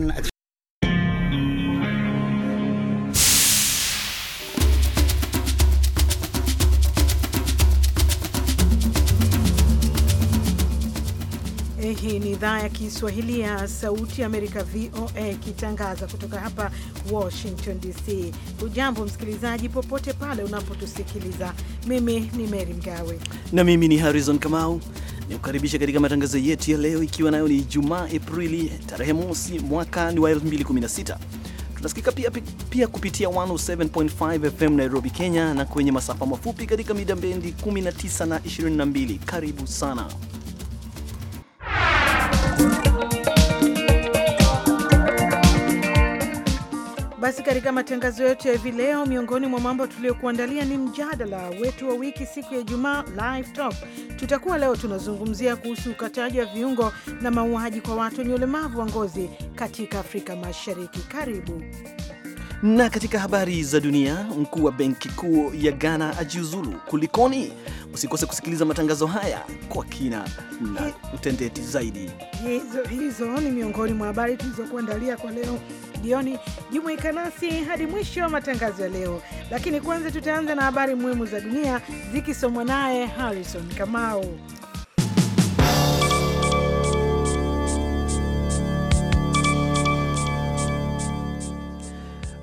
Eh, hii ni idhaa ya Kiswahili ya Sauti Amerika, VOA, ikitangaza kutoka hapa Washington DC. Hujambo msikilizaji, popote pale unapotusikiliza. Mimi ni Mary Mgawe na mimi ni Harrison Kamau nikukaribisha katika matangazo yetu ya leo, ikiwa nayo ni Ijumaa Aprili tarehe mosi mwaka ni wa 2016. Tunasikika pia, pia kupitia 107.5 FM Nairobi, Kenya na kwenye masafa mafupi katika mida bendi 19 na 22. Karibu sana Basi katika matangazo yetu ya hivi leo, miongoni mwa mambo tuliyokuandalia ni mjadala wetu wa wiki siku ya Ijumaa, live talk. Tutakuwa leo tunazungumzia kuhusu ukataji wa viungo na mauaji kwa watu wenye ulemavu wa ngozi katika Afrika Mashariki. Karibu. Na katika habari za dunia, mkuu wa benki kuu ya Ghana ajiuzulu. Kulikoni? Usikose kusikiliza matangazo haya kwa kina na utendeti zaidi. Hizo hizo ni miongoni mwa habari tulizokuandalia kwa leo jioni. Jumuika nasi hadi mwisho wa matangazo ya leo, lakini kwanza tutaanza na habari muhimu za dunia zikisomwa naye Harrison Kamau.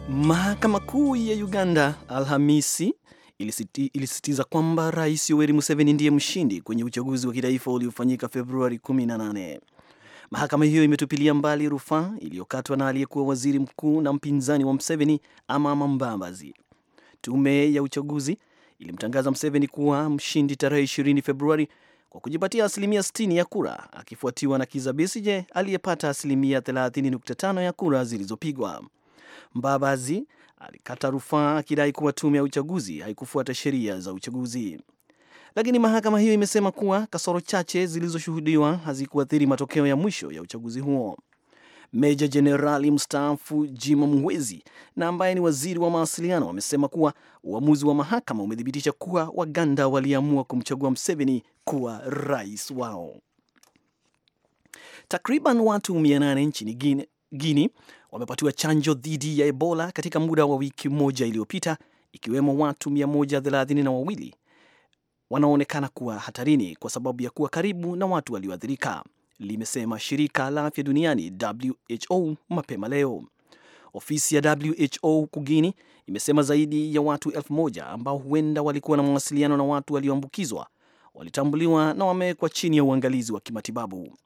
Mahakama Kuu ya Uganda Alhamisi ilisitiza kwamba Rais Yoweri Museveni ndiye mshindi kwenye uchaguzi wa kitaifa uliofanyika Februari 18. Mahakama hiyo imetupilia mbali rufaa iliyokatwa na aliyekuwa waziri mkuu na mpinzani wa Mseveni, Amama Mbabazi. Tume ya uchaguzi ilimtangaza Mseveni kuwa mshindi tarehe 20 Februari kwa kujipatia asilimia 60 ya kura, akifuatiwa na Kiza Besije aliyepata asilimia 30.5 ya kura zilizopigwa. Mbabazi alikata rufaa akidai kuwa tume ya uchaguzi haikufuata sheria za uchaguzi lakini mahakama hiyo imesema kuwa kasoro chache zilizoshuhudiwa hazikuathiri matokeo ya mwisho ya uchaguzi huo. Meja Jenerali mstaafu Jimo Mwezi na ambaye ni waziri wa mawasiliano wamesema kuwa uamuzi wa mahakama umethibitisha kuwa Waganda waliamua kumchagua Mseveni kuwa rais wao. Takriban watu 800 nchini Guini wamepatiwa chanjo dhidi ya Ebola katika muda wa wiki moja iliyopita, ikiwemo watu 132 wawili wanaonekana kuwa hatarini kwa sababu ya kuwa karibu na watu walioathirika, limesema shirika la afya duniani WHO mapema leo. Ofisi ya WHO kugini imesema zaidi ya watu elfu moja ambao huenda walikuwa na mawasiliano na watu walioambukizwa walitambuliwa na wamewekwa chini ya uangalizi wa kimatibabu.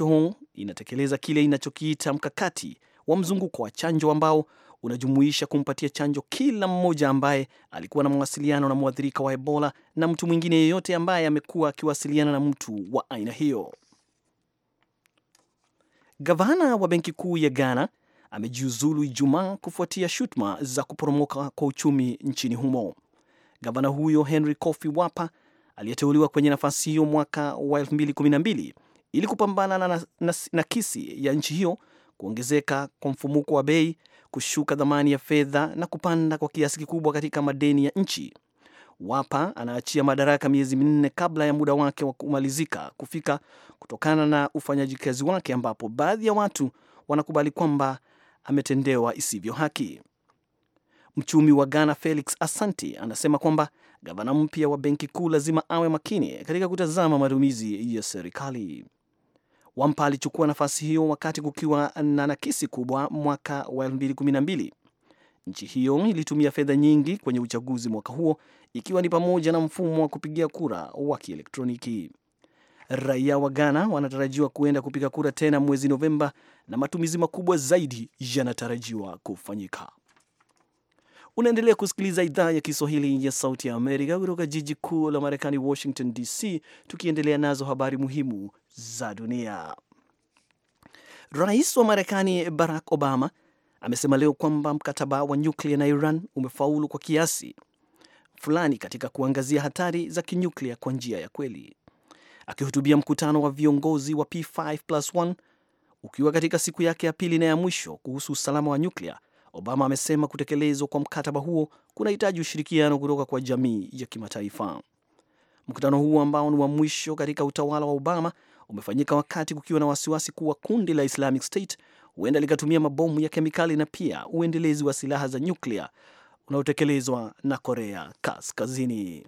WHO inatekeleza kile inachokiita mkakati wa mzunguko wa chanjo ambao unajumuisha kumpatia chanjo kila mmoja ambaye alikuwa na mawasiliano na mwathirika wa Ebola na mtu mwingine yeyote ambaye amekuwa akiwasiliana na mtu wa aina hiyo. Gavana wa Benki Kuu ya Ghana amejiuzulu Ijumaa kufuatia shutuma za kuporomoka kwa uchumi nchini humo. Gavana huyo Henry Kofi Wapa aliyeteuliwa kwenye nafasi hiyo mwaka wa 2012 ili kupambana na nakisi na, na ya nchi hiyo kuongezeka kwa mfumuko wa bei kushuka dhamani ya fedha na kupanda kwa kiasi kikubwa katika madeni ya nchi. Wapa anaachia madaraka miezi minne kabla ya muda wake wa kumalizika kufika kutokana na ufanyaji kazi wake, ambapo baadhi ya watu wanakubali kwamba ametendewa isivyo haki. Mchumi wa Ghana Felix Asanti anasema kwamba gavana mpya wa benki kuu lazima awe makini katika kutazama matumizi ya serikali. Wampa alichukua nafasi hiyo wakati kukiwa na nakisi kubwa mwaka wa 2012. Nchi hiyo ilitumia fedha nyingi kwenye uchaguzi mwaka huo, ikiwa ni pamoja na mfumo wa kupigia kura wa kielektroniki. Raia wa Ghana wanatarajiwa kuenda kupiga kura tena mwezi Novemba na matumizi makubwa zaidi yanatarajiwa kufanyika. Unaendelea kusikiliza idhaa ya Kiswahili ya Sauti ya Amerika kutoka jiji kuu la Marekani, Washington DC, tukiendelea nazo habari muhimu za dunia. Rais wa Marekani Barack Obama amesema leo kwamba mkataba wa nyuklia na Iran umefaulu kwa kiasi fulani katika kuangazia hatari za kinyuklia kwa njia ya kweli. Akihutubia mkutano wa viongozi wa P5+1 ukiwa katika siku yake ya pili na ya mwisho kuhusu usalama wa nyuklia, Obama amesema kutekelezwa kwa mkataba huo kunahitaji ushirikiano kutoka kwa jamii ya kimataifa. Mkutano huo ambao ni wa mwisho katika utawala wa Obama umefanyika wakati kukiwa na wasiwasi kuwa kundi la Islamic State huenda likatumia mabomu ya kemikali na pia uendelezi wa silaha za nyuklia unaotekelezwa na Korea Kaskazini.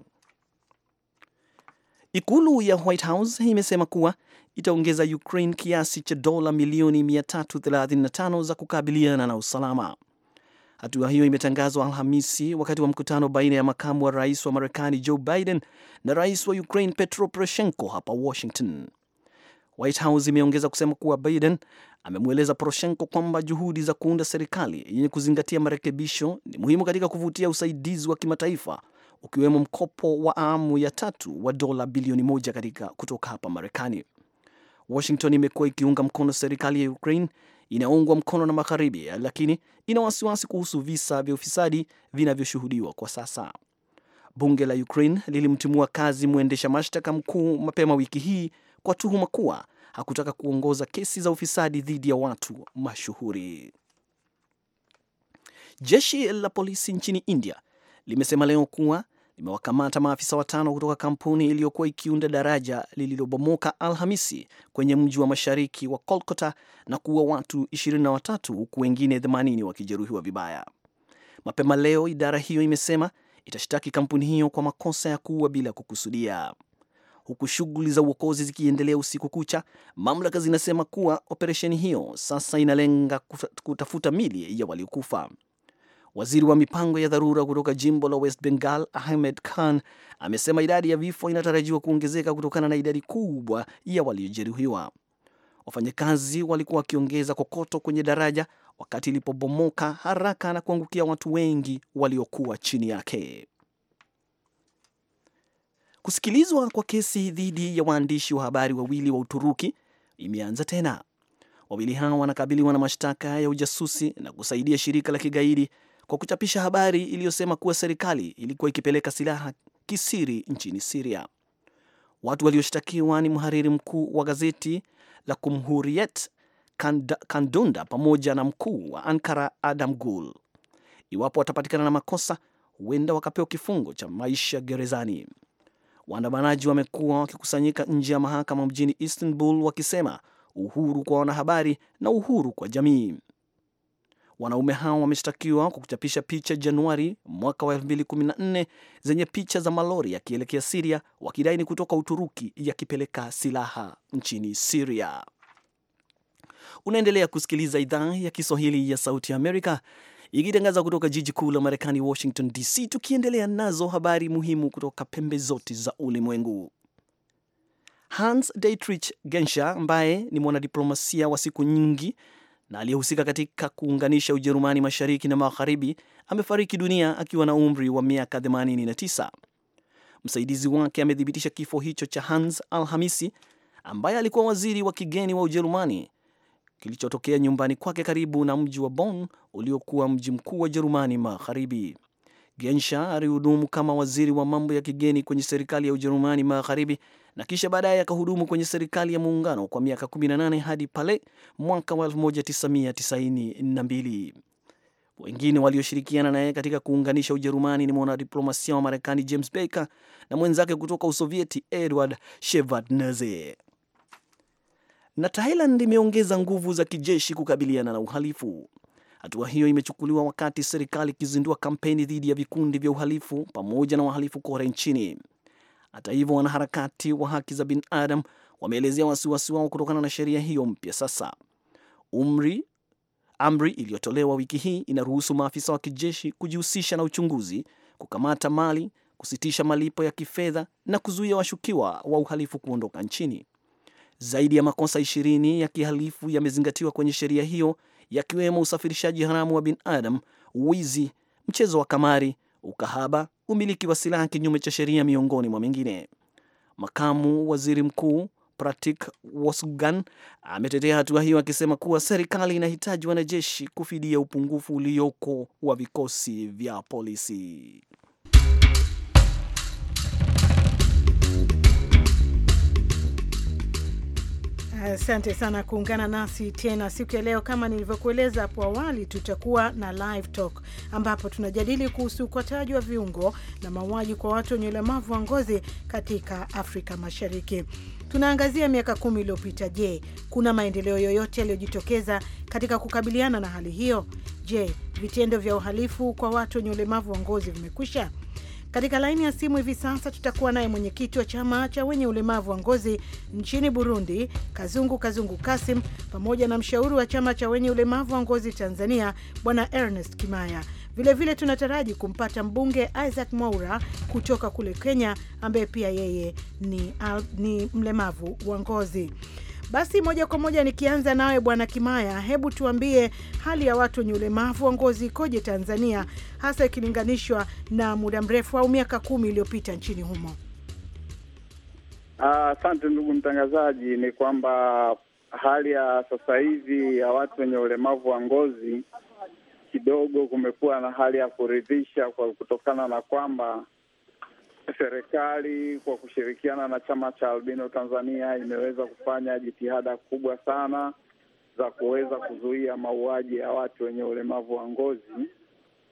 Ikulu ya White House imesema kuwa itaongeza Ukraine kiasi cha dola milioni 335 za kukabiliana na usalama. Hatua hiyo imetangazwa Alhamisi wakati wa mkutano baina ya makamu wa rais wa Marekani Joe Biden na rais wa Ukraine Petro Poroshenko hapa Washington. White House imeongeza kusema kuwa Biden amemweleza Poroshenko kwamba juhudi za kuunda serikali yenye kuzingatia marekebisho ni muhimu katika kuvutia usaidizi wa kimataifa ukiwemo mkopo wa awamu ya tatu wa dola bilioni moja katika kutoka hapa Marekani. Washington imekuwa ikiunga mkono serikali ya Ukraine inayoungwa mkono na Magharibi, lakini ina wasiwasi kuhusu visa vya ufisadi vinavyoshuhudiwa kwa sasa. Bunge la Ukraine lilimtimua kazi mwendesha mashtaka mkuu mapema wiki hii kwa tuhuma kuwa hakutaka kuongoza kesi za ufisadi dhidi ya watu mashuhuri. Jeshi la polisi nchini India limesema leo kuwa limewakamata maafisa watano kutoka kampuni iliyokuwa ikiunda daraja lililobomoka Alhamisi kwenye mji wa mashariki wa Kolkata na kuua watu 23 huku wengine 80 wakijeruhiwa vibaya. Mapema leo idara hiyo imesema itashtaki kampuni hiyo kwa makosa ya kuua bila kukusudia. Huku shughuli za uokozi zikiendelea usiku kucha, mamlaka zinasema kuwa operesheni hiyo sasa inalenga kutafuta mili ya waliokufa. Waziri wa mipango ya dharura kutoka jimbo la West Bengal, Ahmed Khan, amesema idadi ya vifo inatarajiwa kuongezeka kutokana na idadi kubwa ya waliojeruhiwa. Wafanyakazi walikuwa wakiongeza kokoto kwenye daraja wakati ilipobomoka haraka na kuangukia watu wengi waliokuwa chini yake. Kusikilizwa kwa kesi dhidi ya waandishi wa habari wawili wa Uturuki imeanza tena. Wawili hao wanakabiliwa na mashtaka ya ujasusi na kusaidia shirika la kigaidi kwa kuchapisha habari iliyosema kuwa serikali ilikuwa ikipeleka silaha kisiri nchini Siria. Watu walioshtakiwa ni mhariri mkuu wa gazeti la kumhuriet Kandunda pamoja na mkuu wa Ankara Adam Gul. Iwapo watapatikana na makosa, huenda wakapewa kifungo cha maisha gerezani. Waandamanaji wamekuwa wakikusanyika nje ya mahakama mjini Istanbul wakisema uhuru kwa wanahabari na uhuru kwa jamii. Wanaume hao wameshtakiwa kwa kuchapisha picha Januari mwaka wa 2014 zenye picha za malori yakielekea Siria, wakidai ni kutoka Uturuki yakipeleka silaha nchini Siria. Unaendelea kusikiliza idhaa ya Kiswahili ya Sauti ya Amerika ikitangaza kutoka jiji kuu la Marekani, Washington DC, tukiendelea nazo habari muhimu kutoka pembe zote za ulimwengu. Hans Dietrich Genscher ambaye ni mwanadiplomasia wa siku nyingi na aliyehusika katika kuunganisha Ujerumani mashariki na magharibi amefariki dunia akiwa na umri wa miaka 89. Msaidizi wake amethibitisha kifo hicho cha Hans Alhamisi, ambaye alikuwa waziri wa kigeni wa Ujerumani, kilichotokea nyumbani kwake karibu na mji wa Bonn uliokuwa mji mkuu wa Ujerumani Magharibi. Genscher alihudumu kama waziri wa mambo ya kigeni kwenye serikali ya Ujerumani Magharibi na kisha baadaye akahudumu kwenye serikali ya muungano kwa miaka 18 hadi pale mwaka wa 1992. Wengine walioshirikiana naye katika kuunganisha Ujerumani ni mwanadiplomasia wa Marekani James Baker na mwenzake kutoka Usovieti Edward Shevardnadze. Na Thailand imeongeza nguvu za kijeshi kukabiliana na uhalifu. Hatua hiyo imechukuliwa wakati serikali ikizindua kampeni dhidi ya vikundi vya uhalifu pamoja na wahalifu kore nchini. Hata hivyo, wanaharakati wa haki za binadamu wameelezea wasiwasi wao kutokana na sheria hiyo mpya. Sasa umri amri iliyotolewa wiki hii inaruhusu maafisa wa kijeshi kujihusisha na uchunguzi, kukamata mali, kusitisha malipo ya kifedha na kuzuia washukiwa wa uhalifu kuondoka nchini. Zaidi ya makosa ishirini ya kihalifu yamezingatiwa kwenye sheria hiyo yakiwemo usafirishaji haramu wa binadamu, wizi, mchezo wa kamari, ukahaba, umiliki wa silaha kinyume cha sheria, miongoni mwa mengine. Makamu waziri mkuu Pratik Wassugan ametetea hatua hiyo akisema kuwa serikali inahitaji wanajeshi kufidia upungufu ulioko wa vikosi vya polisi. Asante sana kuungana nasi tena siku ya leo. Kama nilivyokueleza hapo awali, tutakuwa na live talk ambapo tunajadili kuhusu ukataji wa viungo na mauaji kwa watu wenye ulemavu wa ngozi katika Afrika Mashariki. Tunaangazia miaka kumi iliyopita. Je, kuna maendeleo yoyote yaliyojitokeza katika kukabiliana na hali hiyo? Je, vitendo vya uhalifu kwa watu wenye ulemavu wa ngozi vimekwisha? Katika laini ya simu hivi sasa tutakuwa naye mwenyekiti wa chama cha wenye ulemavu wa ngozi nchini Burundi, Kazungu Kazungu Kasim, pamoja na mshauri wa chama cha wenye ulemavu wa ngozi Tanzania, Bwana Ernest Kimaya. Vilevile vile tunataraji kumpata mbunge Isaac Mwaura kutoka kule Kenya, ambaye pia yeye ni, ni mlemavu wa ngozi. Basi moja kwa moja nikianza nawe Bwana Kimaya, hebu tuambie hali ya watu wenye ulemavu wa ngozi ikoje Tanzania, hasa ikilinganishwa na muda mrefu au miaka kumi iliyopita nchini humo? Asante ndugu mtangazaji, ni kwamba hali ya sasa hivi ya watu wenye ulemavu wa ngozi kidogo kumekuwa na hali ya kuridhisha, kwa kutokana na kwamba serikali kwa kushirikiana na chama cha albino Tanzania imeweza kufanya jitihada kubwa sana za kuweza kuzuia mauaji ya watu wenye ulemavu wa ngozi,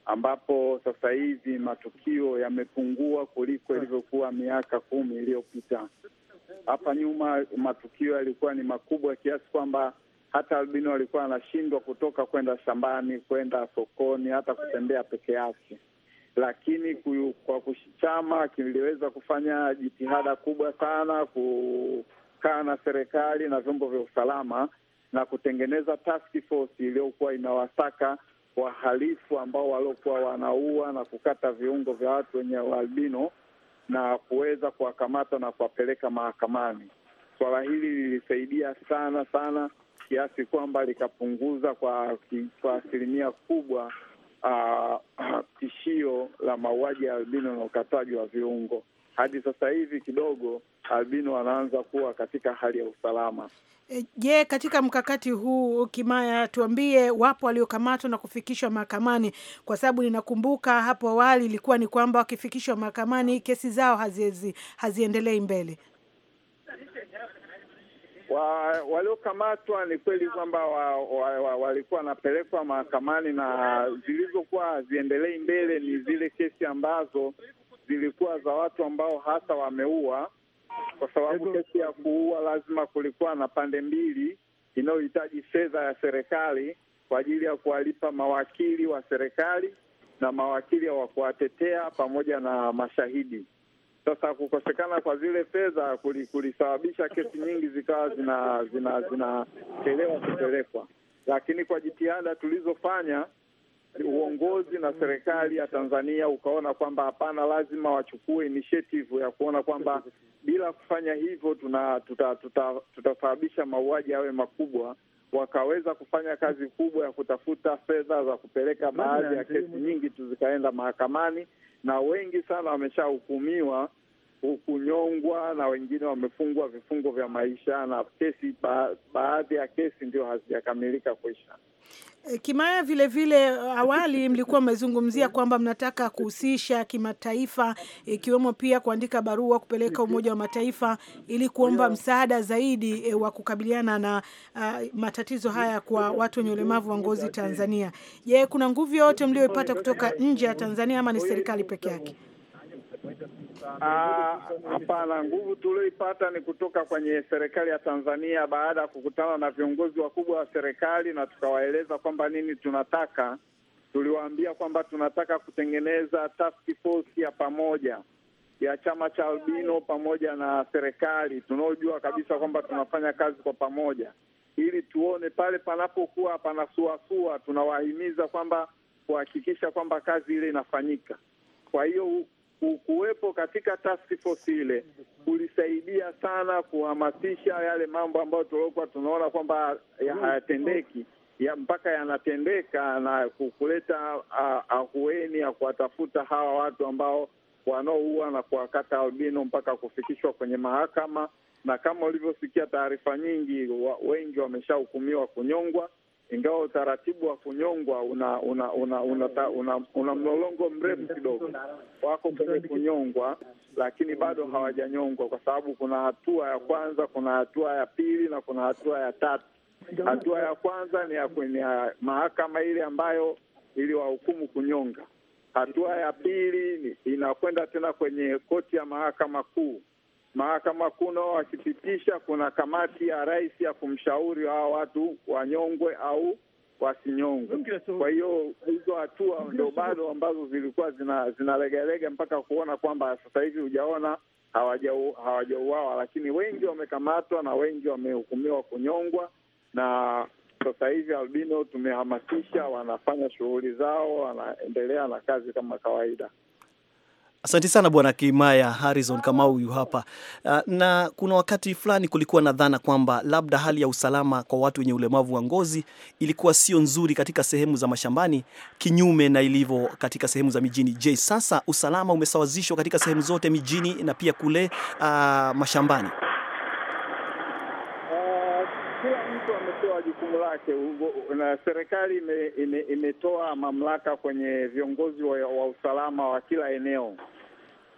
ambapo sasa hivi matukio yamepungua kuliko ilivyokuwa miaka kumi iliyopita. Hapa nyuma matukio yalikuwa ni makubwa kiasi kwamba hata albino alikuwa anashindwa kutoka kwenda shambani, kwenda sokoni, hata kutembea peke yake lakini kuyu, kwa kuchama kiliweza kufanya jitihada kubwa sana kukaa na serikali na vyombo vya usalama na kutengeneza task force iliyokuwa inawasaka wahalifu ambao waliokuwa wanaua na kukata viungo vya watu wenye ualbino na kuweza kuwakamata na kuwapeleka mahakamani. Swala hili lilisaidia sana sana kiasi kwamba likapunguza kwa asilimia kubwa uh, tishio la mauaji ya albino na ukataji wa viungo. Hadi sasa hivi kidogo albino wanaanza kuwa katika hali ya usalama. Eh, je, katika mkakati huu Kimaya, tuambie wapo waliokamatwa na kufikishwa mahakamani? Kwa sababu ninakumbuka hapo awali ilikuwa ni kwamba wakifikishwa mahakamani kesi zao haziendelei mbele wa, waliokamatwa ni kweli kwamba walikuwa wa, wa, wa wanapelekwa mahakamani na zilizokuwa haziendelei mbele ni zile kesi ambazo zilikuwa za watu ambao hasa wameua, kwa sababu kesi ya kuua lazima kulikuwa na pande mbili inayohitaji fedha ya serikali kwa ajili ya kuwalipa mawakili wa serikali na mawakili wa kuwatetea pamoja na mashahidi. Sasa kukosekana kwa zile fedha kulisababisha kesi nyingi zikawa zina zina, zinachelewa kupelekwa, lakini kwa jitihada tulizofanya uongozi na serikali ya Tanzania ukaona kwamba hapana, lazima wachukue initiative ya kuona kwamba bila kufanya hivyo tuna tutasababisha tuta, tuta mauaji yawe makubwa. Wakaweza kufanya kazi kubwa ya kutafuta fedha za kupeleka baadhi ya kesi nyingi tu zikaenda mahakamani na wengi sana wameshahukumiwa kunyongwa na wengine wamefungwa vifungo vya maisha na kesi ba, baadhi ya kesi ndio hazijakamilika kuisha. Eh, Kimaya, vile vile eh, awali mlikuwa mmezungumzia kwamba mnataka kuhusisha kimataifa, ikiwemo pia kuandika barua kupeleka Umoja wa Mataifa ili kuomba msaada zaidi e, wa kukabiliana na uh, matatizo haya kwa watu wenye ulemavu wa ngozi Tanzania. Je, kuna nguvu yoyote mlioipata kutoka nje ya Tanzania ama ni serikali peke yake? Ah, hapana, nguvu tulioipata ni kutoka kwenye serikali ya Tanzania baada ya kukutana na viongozi wakubwa wa serikali na tukawaeleza kwamba nini tunataka. Tuliwaambia kwamba tunataka kutengeneza task force ya pamoja ya chama cha albino pamoja na serikali, tunaojua kabisa kwamba tunafanya kazi kwa pamoja, ili tuone pale panapokuwa panasuasua, tunawahimiza kwamba kuhakikisha kwamba kazi ile inafanyika. Kwa hiyo kuwepo katika task force ile kulisaidia sana kuhamasisha yale mambo ambayo tuliokuwa tunaona kwamba mm. hayatendeki ya mpaka yanatendeka na kuleta ahueni ya kuwatafuta hawa watu ambao wanaoua na kuwakata albino mpaka kufikishwa kwenye mahakama, na kama ulivyosikia taarifa nyingi wa, wengi wameshahukumiwa kunyongwa ingawa utaratibu wa kunyongwa una una una una, una, una, una mlolongo mrefu kidogo, wako kwenye kunyongwa, lakini bado hawajanyongwa kwa sababu kuna hatua ya kwanza, kuna hatua ya pili na kuna hatua ya tatu. Hatua ya kwanza ni ya kwenye mahakama ile ambayo iliwahukumu kunyonga. Hatua ya pili inakwenda tena kwenye koti ya mahakama kuu Mahakama Kuna wakipitisha, kuna kamati ya rais ya kumshauri hawa watu wanyongwe au wasinyongwe. Kwa hiyo hizo hatua ndio bado ambazo zilikuwa zinalegalega zina mpaka kuona kwamba sasa hivi hujaona hawajauawa, lakini wengi wamekamatwa na wengi wamehukumiwa kunyongwa. Na sasa hivi albino tumehamasisha, wanafanya shughuli zao, wanaendelea na kazi kama kawaida. Asante sana bwana Kimaya. Harrison kama huyu hapa. Ah, na kuna wakati fulani kulikuwa na dhana kwamba labda hali ya usalama kwa watu wenye ulemavu wa ngozi ilikuwa sio nzuri katika sehemu za mashambani, kinyume na ilivyo katika sehemu za mijini. Je, sasa usalama umesawazishwa katika sehemu zote mijini na pia kule uh, mashambani? kuelewa jukumu lake na serikali imetoa ime mamlaka kwenye viongozi wa, wa usalama wa kila eneo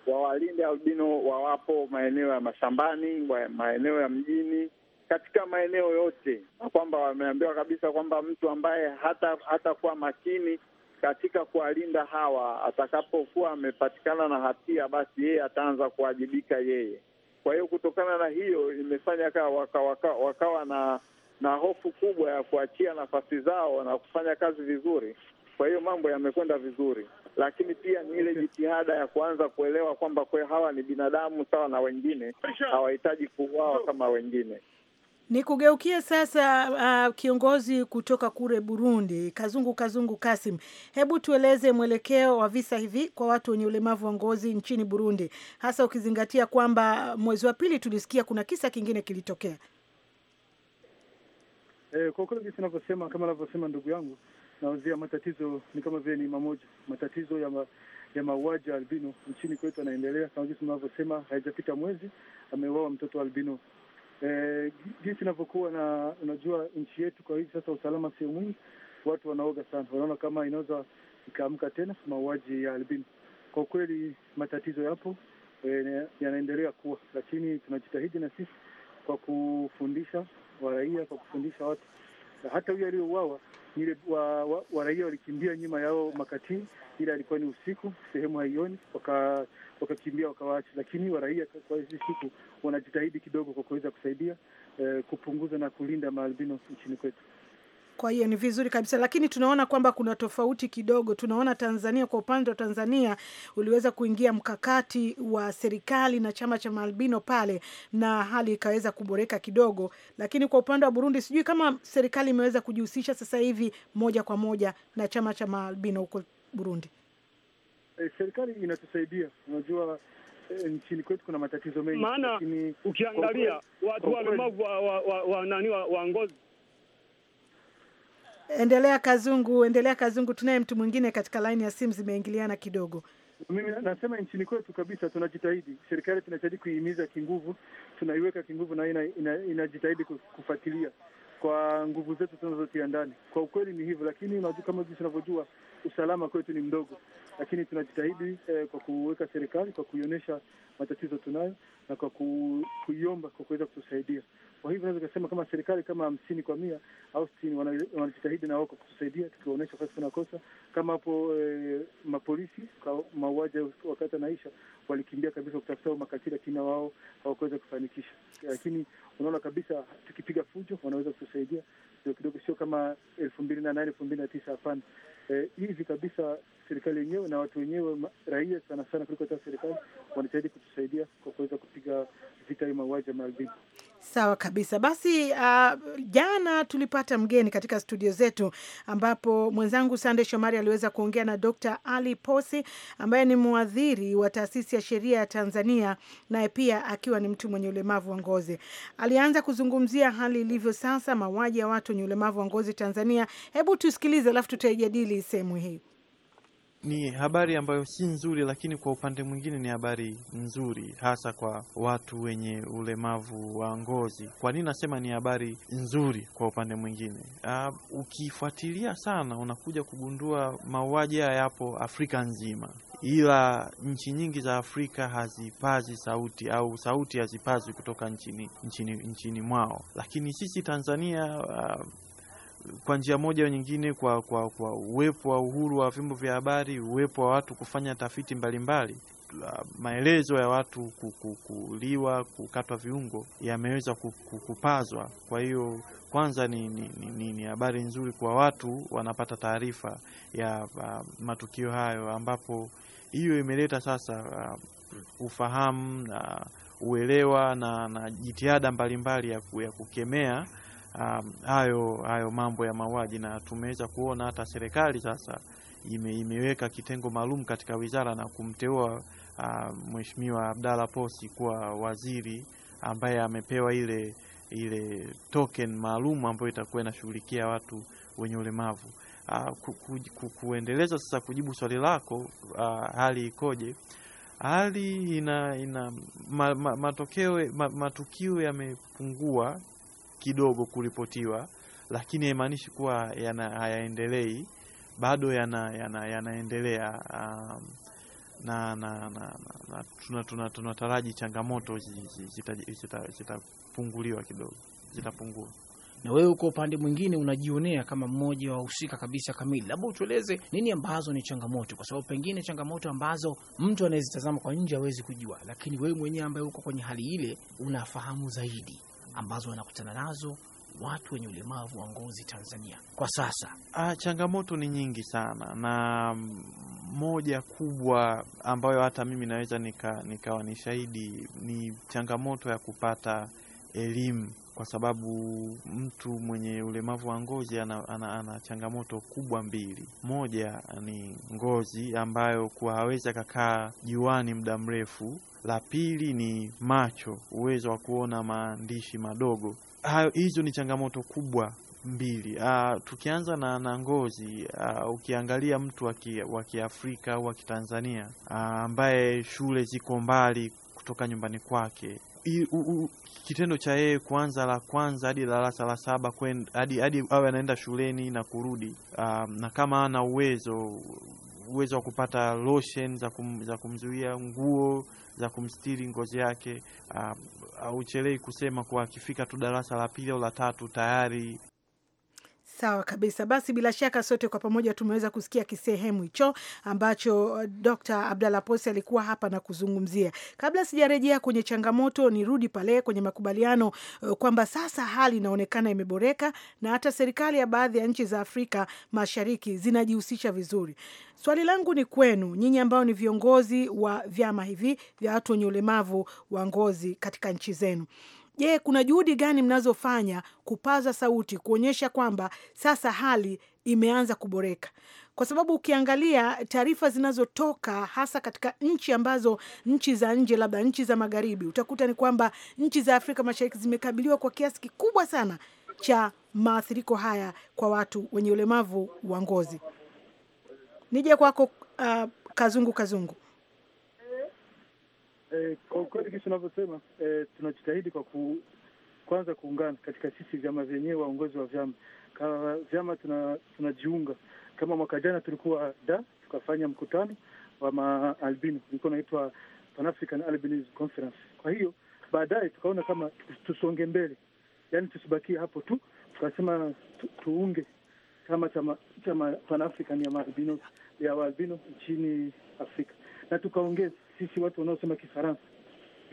wawalinde albino wawapo maeneo ya mashambani, maeneo ya mjini, katika maeneo yote, na kwamba wameambiwa kabisa kwamba mtu ambaye hata hatakuwa makini katika kuwalinda hawa, atakapokuwa amepatikana na hatia, basi yeye ataanza kuwajibika yeye. Kwa hiyo kutokana na hiyo imefanya wakawa waka, waka na na hofu kubwa ya kuachia nafasi zao na kufanya kazi vizuri. Kwa hiyo mambo yamekwenda vizuri, lakini pia ni ile jitihada ya kuanza kuelewa kwamba kwe hawa ni binadamu sawa na wengine, hawahitaji kuuawa kama wengine. Ni kugeukie sasa uh, kiongozi kutoka kule Burundi, Kazungu Kazungu Kasim, hebu tueleze mwelekeo wa visa hivi kwa watu wenye ulemavu wa ngozi nchini Burundi, hasa ukizingatia kwamba mwezi wa pili tulisikia kuna kisa kingine kilitokea. E, kwa kweli jinsi navyosema kama anavyosema ndugu yangu, nawazia matatizo ni kama vile ni mamoja. Matatizo ya ma, ya mauaji ya albino nchini kwetu yanaendelea kama jinsi navyosema, haijapita mwezi ameuawa mtoto albino. E, jinsi inavyokuwa na unajua, nchi yetu kwa hivi sasa usalama sio mwingi, watu wanaoga sana, wanaona kama inaweza ikaamka tena mauaji ya albino. Kwa kweli matatizo yapo, e, yanaendelea kuwa, lakini tunajitahidi na sisi kwa kufundisha wa raia kwa kufundisha watu. Hata huyo aliyouawa wa, wa, wa raia walikimbia nyuma yao makatili, ila alikuwa ni usiku, sehemu haioni, wakakimbia wakawaacha. Lakini wa raia kwa hizi siku wanajitahidi kidogo kwa kuweza kusaidia eh, kupunguza na kulinda maalbino nchini kwetu. Kwa hiyo ni vizuri kabisa, lakini tunaona kwamba kuna tofauti kidogo. Tunaona Tanzania, kwa upande wa Tanzania uliweza kuingia mkakati wa serikali na chama cha maalbino pale, na hali ikaweza kuboreka kidogo, lakini kwa upande wa Burundi sijui kama serikali imeweza kujihusisha sasa hivi moja kwa moja na chama cha maalbino huko Burundi. E, serikali inatusaidia, unajua e, nchini kwetu kuna matatizo mengi, maana ukiangalia watu walemavu wa, wa, wa, wa, wa, wa ngozi Endelea Kazungu, endelea Kazungu. Tunaye mtu mwingine katika laini ya simu, zimeingiliana kidogo. Mimi nasema nchini kwetu kabisa, tunajitahidi, serikali tunajitahidi kuihimiza kinguvu, tunaiweka kinguvu na inajitahidi ina, ina kufuatilia kwa nguvu zetu tunazotia ndani. Kwa ukweli ni hivyo, lakini kama jinsi tunavyojua usalama kwetu ni mdogo, lakini tunajitahidi eh, kwa kuweka serikali, kwa kuionyesha matatizo tunayo na kwa kuiomba kwa kuweza kutusaidia. Kwa hivyo naweza kusema kama serikali kama hamsini kwa mia au sitini wanajitahidi na wako kutusaidia, tukiwaonyesha kwasi tunakosa kama hapo e, mapolisi kwa mauaji wakati anaisha walikimbia kabisa kutafuta makatili, lakini wao hawakuweza kufanikisha. Lakini unaona kabisa tukipiga fujo wanaweza kutusaidia kidogo, sio kama elfu mbili na nane elfu mbili na tisa hapana. Eh, hivi kabisa serikali yenyewe na watu wenyewe raia sana sana kuliko hata serikali wanajitahidi kutusaidia kwa kuweza kupiga vita hii mauaji ya Maldives. Sawa kabisa. Basi uh, jana tulipata mgeni katika studio zetu ambapo mwenzangu Sande Shomari aliweza kuongea na Dr. Ali Posi ambaye ni mwadhiri wa taasisi ya sheria ya Tanzania, naye pia akiwa ni mtu mwenye ulemavu wa ngozi. Alianza kuzungumzia hali ilivyo sasa, mauaji ya watu wenye ulemavu wa ngozi Tanzania. Hebu tusikilize, alafu tutaijadili sehemu hii ni habari ambayo si nzuri, lakini kwa upande mwingine ni habari nzuri, hasa kwa watu wenye ulemavu wa ngozi. Kwa nini nasema ni habari nzuri kwa upande mwingine? Uh, ukifuatilia sana unakuja kugundua mauaji haya yapo Afrika nzima, ila nchi nyingi za Afrika hazipazi sauti au sauti hazipazwi kutoka nchini, nchini, nchini mwao, lakini sisi Tanzania uh, kwa njia moja au nyingine, kwa, kwa, kwa uwepo wa uhuru wa vyombo vya habari, uwepo wa watu kufanya tafiti mbalimbali mbali, maelezo ya watu kuliwa, kukatwa viungo yameweza kupazwa. Kwa hiyo kwanza ni, ni, ni, ni habari nzuri kwa watu wanapata taarifa ya uh, matukio hayo, ambapo hiyo imeleta sasa uh, ufahamu na uelewa na, na jitihada mbalimbali ya, ya kukemea um, hayo hayo mambo ya mauaji, na tumeweza kuona hata serikali sasa ime, imeweka kitengo maalum katika wizara na kumteua uh, Mheshimiwa Abdalla Posi kuwa waziri ambaye amepewa ile ile token maalum ambayo itakuwa inashughulikia watu wenye ulemavu. Uh, ku, ku, ku, kuendeleza sasa kujibu swali lako uh, hali ikoje? Hali ina, ina ma, ma, matokeo ma, matukio yamepungua kidogo kuripotiwa, lakini haimaanishi kuwa hayaendelei, bado yanaendelea yana, yana um, na, na, na, na, tunataraji tuna, tuna changamoto zitapunguliwa kidogo, zitapungua. Na wewe kwa upande mwingine unajionea kama mmoja wa wahusika kabisa kamili, labda utueleze nini ambazo ni changamoto, kwa sababu pengine changamoto ambazo mtu anayezitazama kwa nje hawezi kujua, lakini wewe mwenyewe ambaye uko kwenye hali ile unafahamu zaidi ambazo wanakutana nazo watu wenye ulemavu wa ngozi Tanzania kwa sasa? Ah, changamoto ni nyingi sana, na moja kubwa ambayo hata mimi naweza nika, nikawa ni shahidi ni changamoto ya kupata elimu kwa sababu mtu mwenye ulemavu wa ngozi ana, ana, ana changamoto kubwa mbili. Moja ni ngozi ambayo kuwa hawezi akakaa juani muda mrefu. La pili ni macho, uwezo wa kuona maandishi madogo. Hayo, hizo ni changamoto kubwa mbili. Uh, tukianza na, na ngozi uh, ukiangalia mtu wa Kiafrika au wa Kitanzania ah, ambaye shule ziko mbali kutoka nyumbani kwake kitendo cha yeye kuanza la kwanza hadi darasa la saba hadi hadi awe anaenda shuleni na kurudi, uh, na kama ana uwezo uwezo wa kupata lotion za, kum, za kumzuia nguo za kumstiri ngozi yake, um, auchelei kusema kuwa akifika tu darasa la pili au la tatu tayari Sawa kabisa. Basi bila shaka sote kwa pamoja tumeweza kusikia kisehemu hicho ambacho uh, Dr. Abdalla Posi alikuwa hapa na kuzungumzia. Kabla sijarejea kwenye changamoto, nirudi pale kwenye makubaliano uh, kwamba sasa hali inaonekana imeboreka na hata serikali ya baadhi ya nchi za Afrika Mashariki zinajihusisha vizuri. Swali langu ni kwenu nyinyi ambao ni viongozi wa vyama hivi vya watu wenye ulemavu wa ngozi katika nchi zenu. Je, kuna juhudi gani mnazofanya kupaza sauti kuonyesha kwamba sasa hali imeanza kuboreka? Kwa sababu ukiangalia taarifa zinazotoka hasa katika nchi ambazo nchi za nje, labda nchi za magharibi, utakuta ni kwamba nchi za Afrika Mashariki zimekabiliwa kwa kiasi kikubwa sana cha maathiriko haya kwa watu wenye ulemavu wa ngozi. Nije kwako, uh, Kazungu Kazungu. Eh, kwa ukweli kisi unavyosema, e, tunajitahidi kwa ku, kwanza kuungana katika sisi vyama vyenyewe, waongozi wa vyama kama vyama tuna, tunajiunga kama mwaka jana tulikuwa da tukafanya mkutano wa maalbino ulikuwa unaitwa panafrican Albinism Conference. Kwa hiyo baadaye tukaona kama tusonge mbele, yaani tusibakie hapo tu, tukasema tu, tuunge kama chama, chama ya maalbino ya waalbino nchini Afrika na tukaongeza sisi watu wanaosema Kifaransa,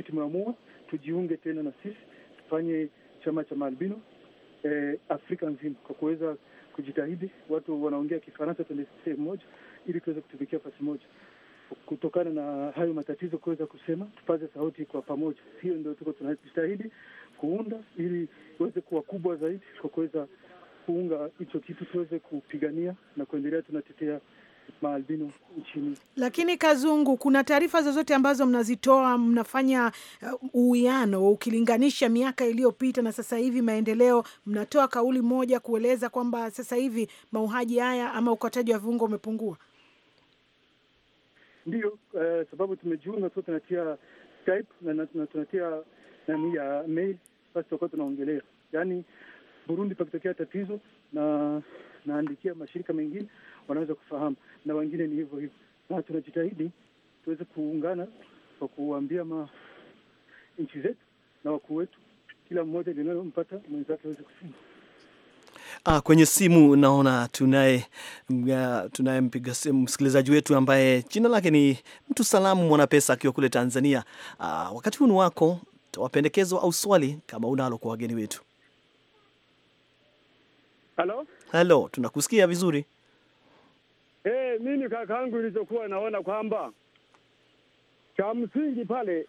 tumeamua tujiunge tena na sisi tufanye chama cha maalbino eh, Afrika nzima kwa kuweza kujitahidi watu wanaongea Kifaransa tuende sehemu moja, ili tuweze kutumikia fasi moja. Kutokana na hayo matatizo, kuweza kusema tupaze sauti kwa pamoja, hiyo ndio tuko tunajitahidi kuunda, ili iweze kuwa kubwa zaidi, kwa kuweza kuunga hicho kitu, tuweze kupigania na kuendelea tunatetea maalbino nchini. Lakini Kazungu, kuna taarifa zozote ambazo mnazitoa mnafanya uh, uwiano ukilinganisha miaka iliyopita na sasa hivi maendeleo, mnatoa kauli moja kueleza kwamba sasa hivi mauaji haya ama ukataji wa viungo umepungua? Ndiyo, uh, sababu tumejiunga tu, tunatia Skype na tunatia nani ya mail, basi tutakuwa tunaongelea yaani Burundi pakitokea tatizo na naandikia mashirika mengine wanaweza kufahamu, na wengine ni hivyo hivyo, na tunajitahidi tuweze kuungana kwa kuambia ma nchi zetu na wakuu wetu, kila mmoja linalompata mwenzake aweze kusema. Ah, kwenye simu naona tunaye ah, tunaye mpiga msikilizaji wetu ambaye jina lake ni mtu salamu Mwanapesa akiwa kule Tanzania. Ah, wakati huu ni wako tawapendekezo au swali kama unalo kwa wageni wetu. Halo, halo, tunakusikia vizuri. E, mimi kakaangu, nilichokuwa naona kwamba cha msingi pale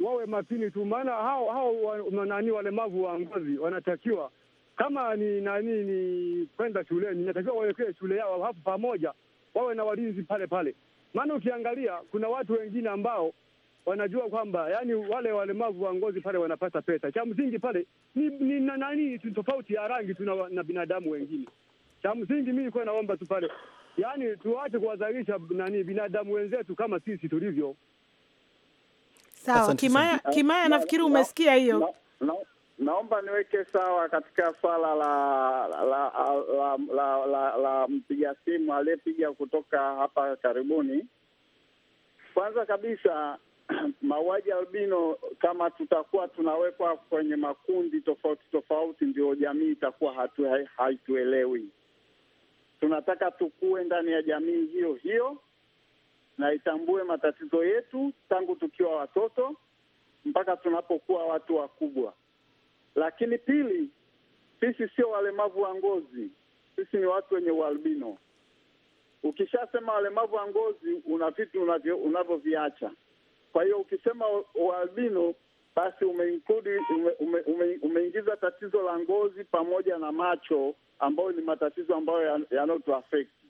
wawe makini tu, maana hao hao nani walemavu wa ngozi wanatakiwa kama ni nani ni kwenda shuleni, inatakiwa waelekee shule yao, hapo, pamoja wawe na walinzi pale pale, maana ukiangalia kuna watu wengine ambao wanajua kwamba yani wale walemavu wa ngozi pale wanapata pesa. Cha msingi pale ni, ni nani tofauti ya rangi tu na binadamu wengine. Cha msingi mimi kuwa naomba tu pale yaani tuache kuwazalisha nani binadamu wenzetu kama sisi tulivyo. Sawa Kimaya, eh, Kimaya nafikiri umesikia hiyo. Naomba niweke sawa katika swala la la la, la, la, la mpiga simu aliyepiga kutoka hapa karibuni. Kwanza kabisa mauaji albino, kama tutakuwa tunawekwa kwenye makundi tofauti tofauti, ndio jamii itakuwa hatu haituelewi tunataka tukue ndani ya jamii hiyo hiyo na itambue matatizo yetu tangu tukiwa watoto mpaka tunapokuwa watu wakubwa. Lakini pili, sisi sio walemavu wa ngozi, sisi ni watu wenye ualbino. Ukishasema walemavu wa ngozi, una vitu unavyoviacha. Kwa hiyo ukisema ualbino basi umeingiza ume, ume, ume tatizo la ngozi pamoja na macho ambayo ni matatizo ambayo yanayotuafekti.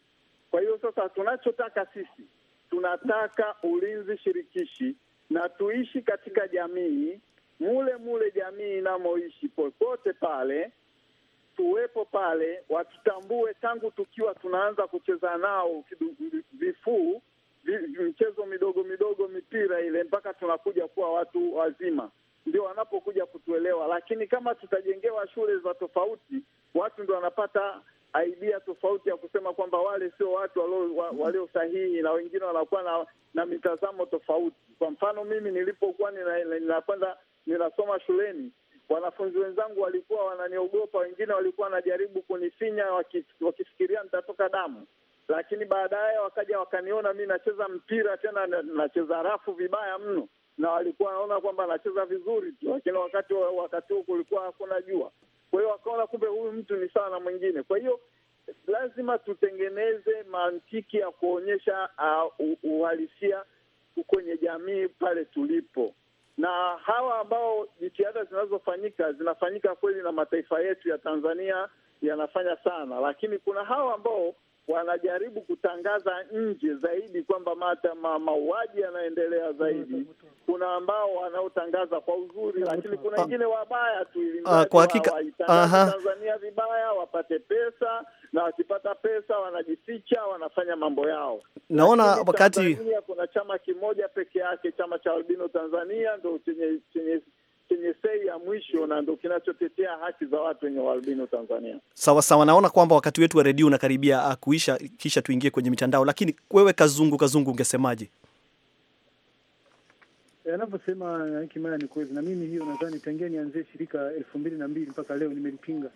Kwa hiyo sasa, tunachotaka sisi tunataka ulinzi shirikishi na tuishi katika jamii mule mule, jamii inamoishi popote pale, tuwepo pale, watutambue tangu tukiwa tunaanza kucheza nao vifuu michezo midogo midogo, mipira ile, mpaka tunakuja kuwa watu wazima, ndio wanapokuja kutuelewa. Lakini kama tutajengewa shule za tofauti, watu ndio wanapata aidia tofauti ya kusema kwamba wale sio watu walio sahihi, na wengine wanakuwa na, na mitazamo tofauti. Kwa mfano mimi nilipokuwa ninakwenda ninasoma shuleni, wanafunzi wenzangu walikuwa wananiogopa, wengine walikuwa wanajaribu kunifinya, wakifikiria nitatoka damu lakini baadaye wakaja wakaniona mi nacheza mpira tena nacheza rafu vibaya mno, na walikuwa wanaona kwamba nacheza vizuri tu, lakini wakati wakati huo kulikuwa hakuna jua. Kwa hiyo wakaona kumbe huyu mtu ni sawa na mwingine. Kwa hiyo lazima tutengeneze mantiki ya kuonyesha uh, uhalisia kwenye jamii pale tulipo, na hawa ambao jitihada zinazofanyika zinafanyika kweli, na mataifa yetu ya Tanzania yanafanya sana, lakini kuna hawa ambao wanajaribu kutangaza nje zaidi kwamba mauaji yanaendelea zaidi. Kuna ambao wanaotangaza kwa uzuri, lakini kuna wengine wabaya tu, ili ah, kwa hakika Tanzania vibaya wapate pesa, na wakipata pesa wanajificha, wanafanya mambo yao. Naona wakati Tanzania kuna chama kimoja peke yake, chama cha albino Tanzania, ndo chenye chenye chenye sei ya mwisho na ndo kinachotetea haki za watu wenye ualbino Tanzania. Sawa sawa, naona kwamba wakati wetu wa redio unakaribia uh, kuisha, kisha tuingie kwenye mitandao. Lakini wewe Kazungu Kazungu, ungesemaje? Anavyosema e, Hekimaya ni kweli, na mimi hiyo nadhani tangia nianzie shirika elfu mbili na mbili mpaka leo nimelipinga.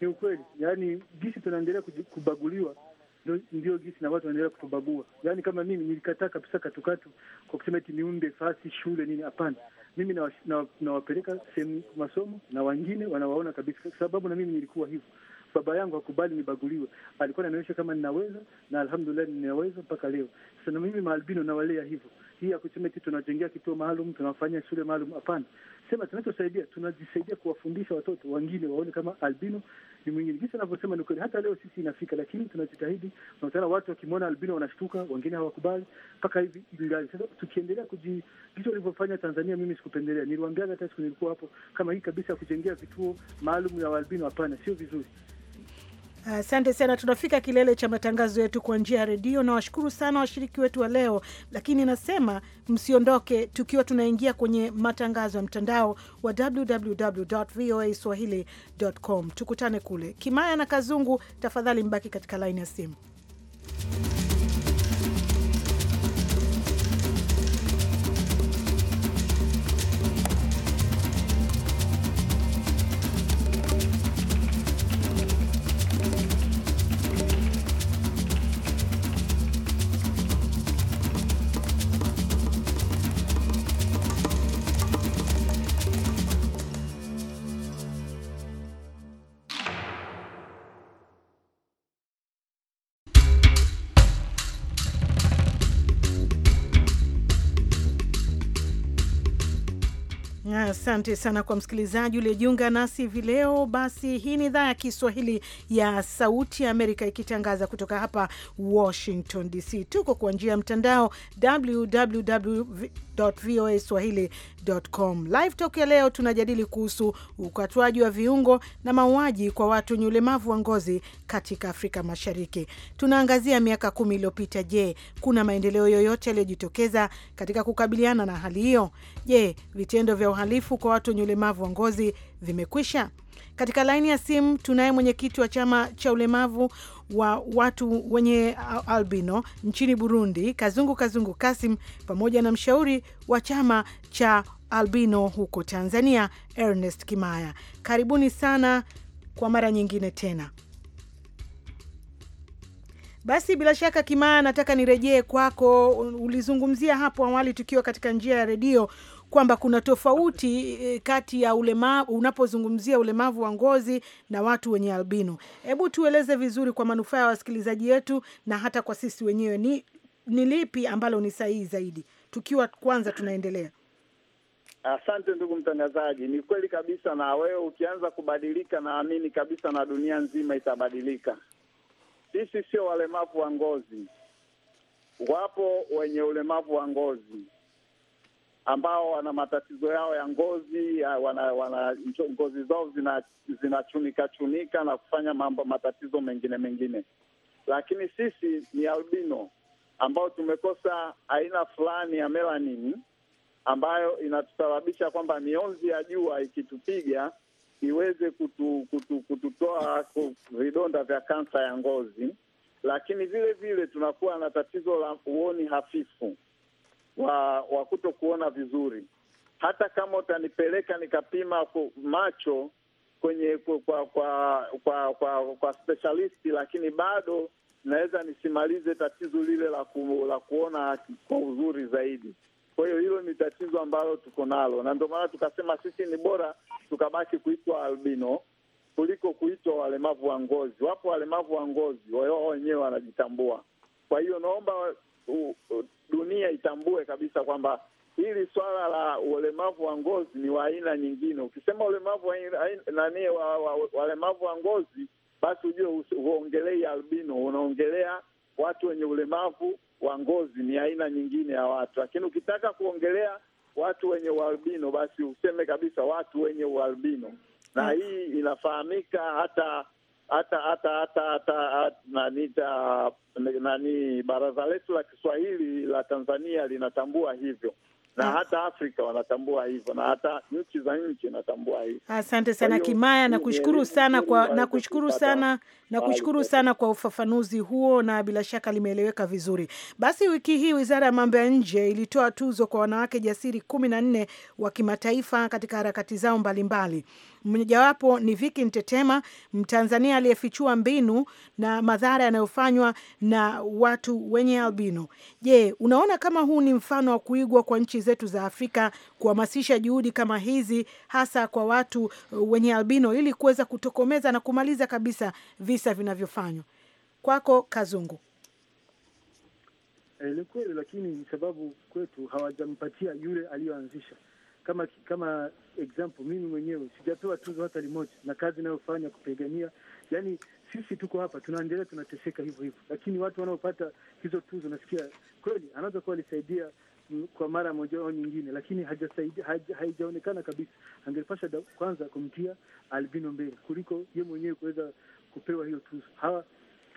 Ni ukweli, yaani jinsi tunaendelea kubaguliwa ndio gisi na watu wanaendelea kutubagua. Yaani kama mimi nilikataa kabisa katukatu kwa kusema eti niunde fasi shule nini, hapana mimi nawapeleka na, na sehemu masomo na wengine wanawaona kabisa, sababu na mimi nilikuwa hivyo. Baba yangu hakubali nibaguliwe, alikuwa ananionyesha kama ninaweza, na alhamdulillah ninaweza mpaka leo. Sasa na mimi maalbino nawalea hivyo. Hii ya kusema eti tunajengea kituo maalum tunafanya shule maalum, hapana sema tunachosaidia tunajisaidia kuwafundisha watoto wengine waone kama albino ni mwingine. Jinsi anavyosema ni kweli, hata leo sisi inafika, lakini tunajitahidi. Unakutana watu wakimwona albino wanashtuka, wengine hawakubali mpaka hivi ingali. Sasa tukiendelea kuji kitu walivyofanya Tanzania, mimi sikupendelea, Niliwambiaga hata siku nilikuwa hapo, kama hii kabisa ya kujengea vituo maalum ya albino, hapana, sio vizuri. Asante uh, sana. Tunafika kilele cha matangazo yetu kwa njia ya redio. Nawashukuru sana washiriki wetu wa leo, lakini nasema msiondoke, tukiwa tunaingia kwenye matangazo ya mtandao wa www voa swahilicom Tukutane kule. Kimaya na Kazungu, tafadhali mbaki katika laini ya simu. Asante sana kwa msikilizaji uliojiunga nasi hivi leo. Basi hii ni idhaa ya Kiswahili ya Sauti ya Amerika ikitangaza kutoka hapa Washington DC. Tuko kwa njia ya mtandao www voa Live Talk ya leo tunajadili kuhusu ukatwaji wa viungo na mauaji kwa watu wenye ulemavu wa ngozi katika Afrika Mashariki. Tunaangazia miaka kumi iliyopita. Je, kuna maendeleo yoyote yaliyojitokeza katika kukabiliana na hali hiyo? Je, vitendo vya uhalifu kwa watu wenye ulemavu wa ngozi vimekwisha? Katika laini ya simu tunaye mwenyekiti wa chama cha ulemavu wa watu wenye uh, albino nchini Burundi, Kazungu Kazungu Kasim, pamoja na mshauri wa chama cha albino huko Tanzania, Ernest Kimaya. Karibuni sana kwa mara nyingine tena. Basi bila shaka Kimaya, nataka nirejee kwako. Ulizungumzia hapo awali tukiwa katika njia ya redio kwamba kuna tofauti eh, kati ya ulemavu, unapozungumzia ulemavu wa ngozi na watu wenye albino. Hebu tueleze vizuri kwa manufaa ya wasikilizaji wetu na hata kwa sisi wenyewe, ni, ni lipi ambalo ni sahihi zaidi, tukiwa kwanza tunaendelea. Asante ndugu mtangazaji, ni kweli kabisa, na wewe ukianza kubadilika, naamini kabisa na dunia nzima itabadilika. Sisi sio walemavu wa ngozi, wapo wenye ulemavu wa ngozi ambao wana matatizo yao ya ngozi wana, wana ngozi zao zinachunika zina chunika na kufanya mambo matatizo mengine mengine, lakini sisi ni albino ambao tumekosa aina fulani ya melanin ambayo inatusababisha kwamba mionzi ya jua ikitupiga iweze kutu, kutu, kututoa vidonda vya kansa ya ngozi, lakini vile vile tunakuwa na tatizo la uoni hafifu wa, wa kuto kuona vizuri. Hata kama utanipeleka nikapima macho kwenye kwa kwa kwa, kwa, kwa, kwa specialist, lakini bado naweza nisimalize tatizo lile la, ku, la kuona kwa uzuri zaidi. Kwa hiyo hilo ni tatizo ambalo tuko nalo, na ndio maana tukasema sisi ni bora tukabaki kuitwa albino kuliko kuitwa walemavu wa ngozi. Wapo walemavu wa ngozi, wao wenyewe wanajitambua. Kwa hiyo naomba uh, uh, dunia itambue kabisa kwamba hili swala la ulemavu wa ngozi ni wa aina nyingine. Ukisema ulemavu nani walemavu wa ngozi, basi ujue huongelei albino, unaongelea watu wenye ulemavu wa ngozi, ni aina nyingine ya watu. Lakini ukitaka kuongelea watu wenye ualbino, basi useme kabisa watu wenye ualbino, na mm. hii inafahamika hata hata hata hata hata nani ta nani baraza letu la Kiswahili la Tanzania linatambua hivyo na ah. hata Afrika wanatambua hivyo na hata nchi za nchi natambua hivyo. Asante sana Sayo, Kimaya, nakushukuru sana kwa nakushukuru sana nakushukuru sana kwa ufafanuzi huo, na bila shaka limeeleweka vizuri. Basi wiki hii wizara ya mambo ya nje ilitoa tuzo kwa wanawake jasiri kumi na nne wa kimataifa katika harakati zao mbalimbali mbali. Mmojawapo ni Viki Ntetema, Mtanzania aliyefichua mbinu na madhara yanayofanywa na watu wenye albino. Je, unaona kama huu ni mfano wa kuigwa kwa nchi zetu za Afrika kuhamasisha juhudi kama hizi, hasa kwa watu uh, wenye albino ili kuweza kutokomeza na kumaliza kabisa visa vinavyofanywa? Kwako Kazungu. Eh, ni kweli, lakini sababu kwetu hawajampatia yule aliyoanzisha kama kama example, mimi mwenyewe sijapewa tuzo hata limoja na kazi inayofanya kupigania, yani sisi tuko hapa tunaendelea tunateseka hivyo hivyo, lakini watu wanaopata hizo tuzo nasikia kweli anaweza kuwa alisaidia kwa mara moja au nyingine, lakini hajasaidia haijaonekana kabisa. Angepasha kwanza kumtia albino mbele kuliko ye mwenyewe kuweza kupewa hiyo tuzo. Hawa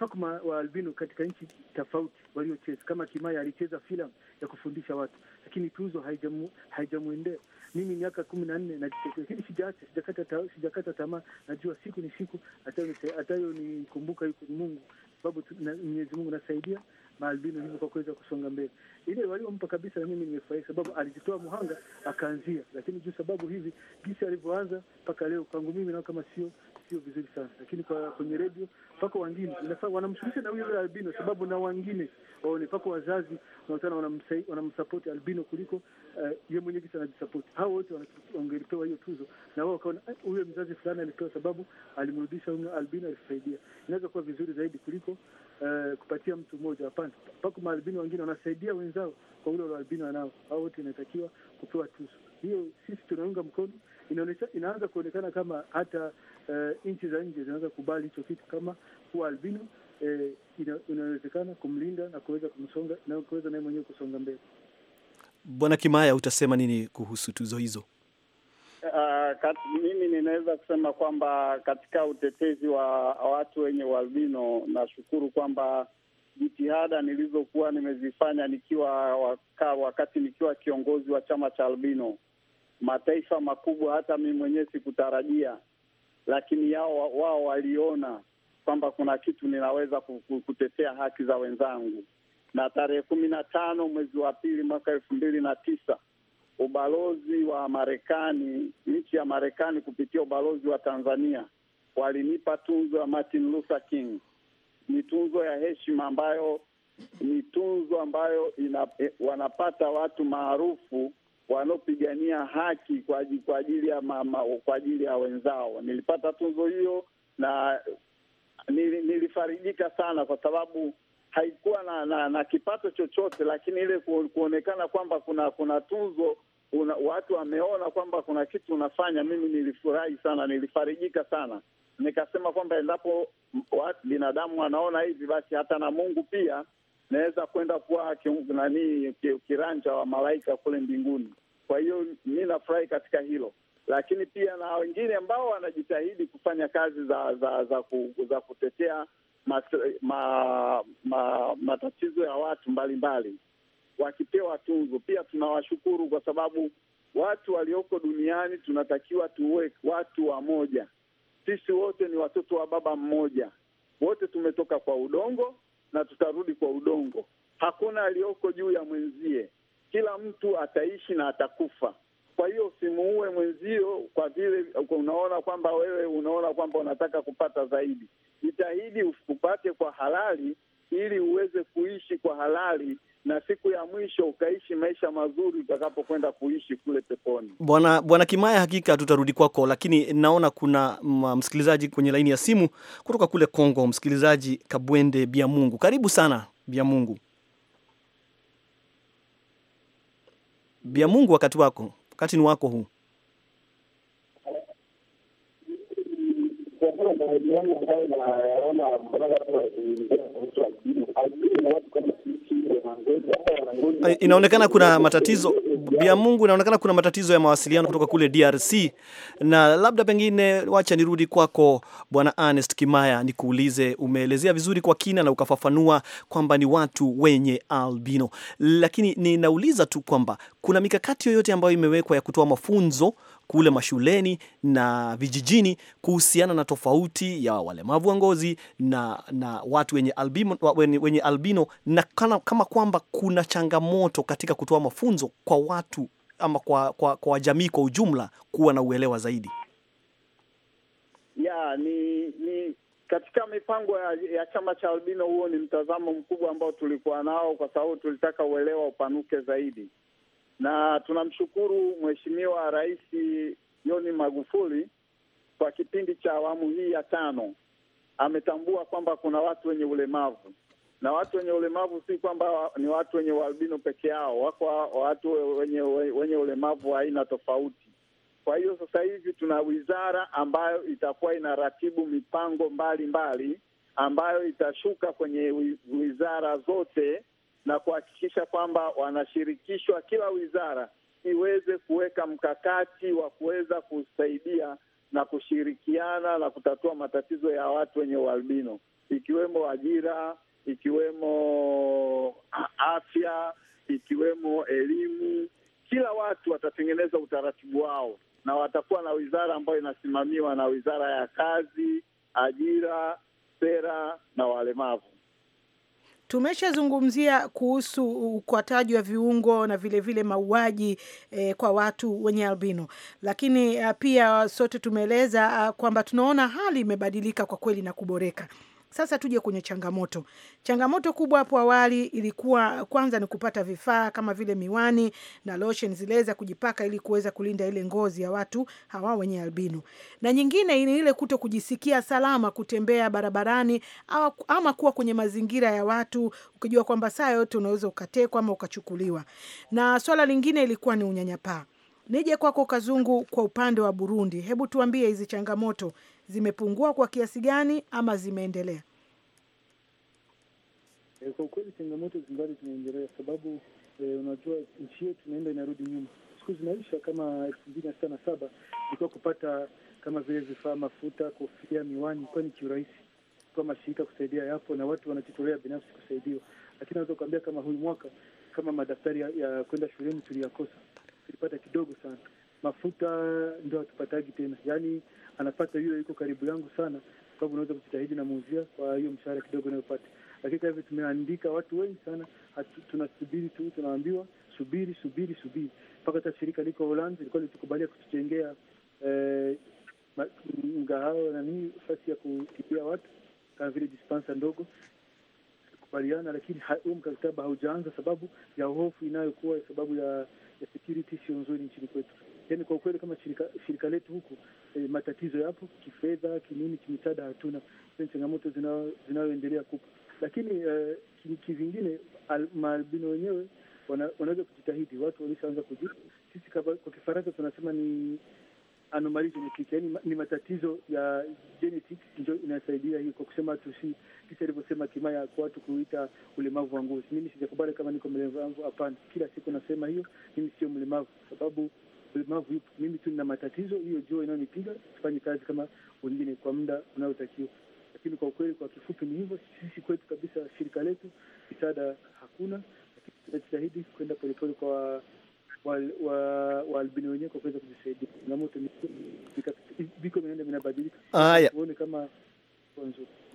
masokma wa albino katika nchi tofauti waliocheza, kama Kimaya alicheza filamu ya kufundisha watu, lakini tuzo haijamwendea. Mimi miaka kumi na nne lakini sijaacha, sijakata tamaa. Najua siku ni siku atayonikumbuka yuko Mungu, sababu Mwenyezi Mungu nasaidia maalbino hivyo kwa kuweza kusonga mbele. Ile waliompa kabisa, na mimi nimefurahi, sababu alijitoa muhanga akaanzia, lakini juu sababu hivi jinsi alivyoanza mpaka leo, kwangu mimi nao kama sio sio vizuri sana, lakini kwa kwenye redio mpaka wangine inafaa wanamshughulisha na yule albino, sababu na wangine waone mpaka wazazi wanamsai wanamsapoti albino kuliko uh, eh, ye mwenyewe kisa anajisapoti. Hao wote wangelipewa hiyo tuzo na wao wakaona eh, huyo mzazi fulani alipewa sababu alimrudisha huyo albino, alisaidia. Inaweza kuwa vizuri zaidi kuliko uh, kupatia mtu mmoja. Hapana, mpaka maalbino wengine wanasaidia wenzao kwa ule albino anao. Hao wote inatakiwa kupewa tuzo hiyo. Sisi tunaunga mkono. Inaonyesha, inaanza kuonekana kama hata eh, nchi za nje zinaweza kubali hicho kitu kama kuwa albino eh, inawezekana kumlinda na kuweza kumsonga na kuweza naye mwenyewe kusonga mbele. Bwana Kimaya, utasema nini kuhusu tuzo hizo? Uh, kat, mimi ninaweza kusema kwamba katika utetezi wa watu wenye ualbino nashukuru kwamba jitihada nilizokuwa nimezifanya nikiwa waka, wakati nikiwa kiongozi wa chama cha albino mataifa makubwa, hata mimi mwenyewe sikutarajia lakini yao wao waliona kwamba kuna kitu ninaweza kutetea haki za wenzangu. Na tarehe kumi na tano mwezi wa pili mwaka elfu mbili na tisa ubalozi wa Marekani, nchi ya Marekani kupitia ubalozi wa Tanzania walinipa tunzo ya Martin Luther King. Ni tunzo ya heshima ambayo ni tunzo ambayo ina, eh, wanapata watu maarufu wanaopigania haki kwa ajili, ajili ya mama, kwa ajili ya wenzao. Nilipata tunzo hiyo na nil, nilifarijika sana kwa sababu haikuwa na, na, na kipato chochote, lakini ile kuonekana kwamba kuna kuna tunzo una, watu wameona kwamba kuna kitu unafanya. Mimi nilifurahi sana, nilifarijika sana, nikasema kwamba endapo binadamu wanaona hivi, basi hata na Mungu pia naweza kwenda kuwa nani kiranja wa malaika kule mbinguni. Kwa hiyo mi nafurahi katika hilo, lakini pia na wengine ambao wanajitahidi kufanya kazi za za za, ku, za kutetea mas, ma, ma, matatizo ya watu mbalimbali mbali. Wakipewa tunzo pia tunawashukuru kwa sababu watu walioko duniani tunatakiwa tuwe watu wamoja. Sisi wote ni watoto wa baba mmoja, wote tumetoka kwa udongo na tutarudi kwa udongo. Hakuna aliyoko juu ya mwenzie kila mtu ataishi na atakufa. Kwa hiyo usimuue mwenzio kwa vile unaona kwamba wewe unaona kwamba unataka kupata zaidi. Jitahidi upate kwa halali, ili uweze kuishi kwa halali na siku ya mwisho ukaishi maisha mazuri utakapokwenda kuishi kule peponi. Bwana Bwana Kimaya, hakika tutarudi kwako, lakini naona kuna msikilizaji kwenye laini ya simu kutoka kule Kongo, msikilizaji Kabwende Bia Mungu. Karibu sana Bia Mungu. bia Mungu wakati wako, wakati ni wako huu. ambayo nayaona inaonekana kuna matatizo bia Mungu, inaonekana kuna matatizo ya mawasiliano kutoka kule DRC. Na labda pengine, wacha nirudi kwako Bwana Ernest Kimaya, nikuulize, umeelezea vizuri kwa kina na ukafafanua kwamba ni watu wenye albino, lakini ninauliza tu kwamba kuna mikakati yoyote ambayo imewekwa ya kutoa mafunzo kule mashuleni na vijijini kuhusiana na tofauti ya walemavu wa ngozi na, na watu wenye albino, wenye, wenye albino na kana, kama kwamba kuna changamoto katika kutoa mafunzo kwa watu ama kwa, kwa, kwa jamii kwa ujumla kuwa na uelewa zaidi ya ni, ni katika mipango ya, ya chama cha albino. Huo ni mtazamo mkubwa ambao tulikuwa nao, kwa sababu tulitaka uelewa upanuke zaidi na tunamshukuru Mheshimiwa Rais John Magufuli kwa kipindi cha awamu hii ya tano ametambua kwamba kuna watu wenye ulemavu na watu wenye ulemavu si kwamba ni watu wenye ualbino peke yao, wako watu wenye, wenye ulemavu wa aina tofauti. Kwa hiyo sasa hivi tuna wizara ambayo itakuwa inaratibu mipango mbalimbali mbali, ambayo itashuka kwenye wizara zote na kuhakikisha kwamba wanashirikishwa, kila wizara iweze kuweka mkakati wa kuweza kusaidia na kushirikiana na kutatua matatizo ya watu wenye ualbino, ikiwemo ajira, ikiwemo afya, ikiwemo elimu. Kila watu watatengeneza utaratibu wao na watakuwa na wizara ambayo inasimamiwa na wizara ya kazi, ajira, sera na walemavu. Tumeshazungumzia kuhusu ukwataji wa viungo na vilevile mauaji eh, kwa watu wenye albino, lakini eh, pia sote tumeeleza ah, kwamba tunaona hali imebadilika kwa kweli na kuboreka. Sasa tuje kwenye changamoto. Changamoto kubwa hapo awali ilikuwa kwanza ni kupata vifaa kama vile miwani na lotion zile za kujipaka ili kuweza kulinda ile ngozi ya watu hawa wenye albino, na nyingine ni ile kuto kujisikia salama kutembea barabarani au ama kuwa kwenye mazingira ya watu ukijua kwamba saa yote unaweza ukatekwa ama ukachukuliwa. Na swala lingine ilikuwa ni unyanyapaa. Nije kwako Kazungu, kwa upande wa Burundi, hebu tuambie hizi changamoto zimepungua kwa kiasi gani ama zimeendelea? E, kwa ukweli changamoto zingali zinaendelea, sababu e, unajua nchi yetu inaenda inarudi nyuma, siku zinaisha. Kama elfu mbili na sita na saba ilikuwa kupata kama vile vifaa, mafuta, kofia, miwani kwa ni kiurahisi kwa mashirika kusaidia yapo na watu wanajitolea binafsi kusaidiwa, lakini naweza kuambia kama huyu mwaka kama madaftari ya, ya kwenda shuleni tuliyakosa, tulipata kidogo sana. Mafuta ndio hatupataji tena, yaani anapata hiyo, iko karibu yangu sana, sababu unaweza kujitahidi, muuzia kwa hiyo mshahara kidogo unayopata. Lakini kwa tumeandika watu wengi sana, tunasubiri tu, tunaambiwa subiri, subiri, subiri mpaka hata shirika liko Holanzi lilikuwa litukubalia kutujengea eh, mgahawa na nini, fasi ya kutibia watu kama vile dispensa ndogo kubaliana, lakini huu mkataba haujaanza sababu ya hofu inayokuwa sababu ya, ya security sio nzuri nchini kwetu. Yani kwa ukweli kama shirika, shirika letu huku eh, matatizo yapo kifedha, kinini, kimisaada hatuna. changamoto zinayoendelea kupa lakini eh, kivingine maalbino wenyewe wana, wanaweza kujitahidi. Watu walishaanza kuji, sisi kwa Kifaransa tunasema ni anomali genetic, ni matatizo ya genetic ndio inasaidia hiyo, kwa kusema tusi kisa alivyosema Kimaya kwa watu kuita ulemavu wa ngozi. Mimi sijakubali kama niko mlemavu, hapana. Kila siku nasema hiyo, mimi sio mlemavu sababu ulemavu, mimi tu nina matatizo, hiyo jua inayonipiga, sifanye kazi kama wengine kwa muda unaotakiwa. Lakini kwa ukweli, kwa kifupi, ni hivyo. Sisi kwetu kabisa, shirika letu misaada hakuna, lakini tunajitahidi kwenda polepole kwa waalbini wenyewe kwa kuweza kujisaidia. Changamoto viko vinaenda vinabadilika, kama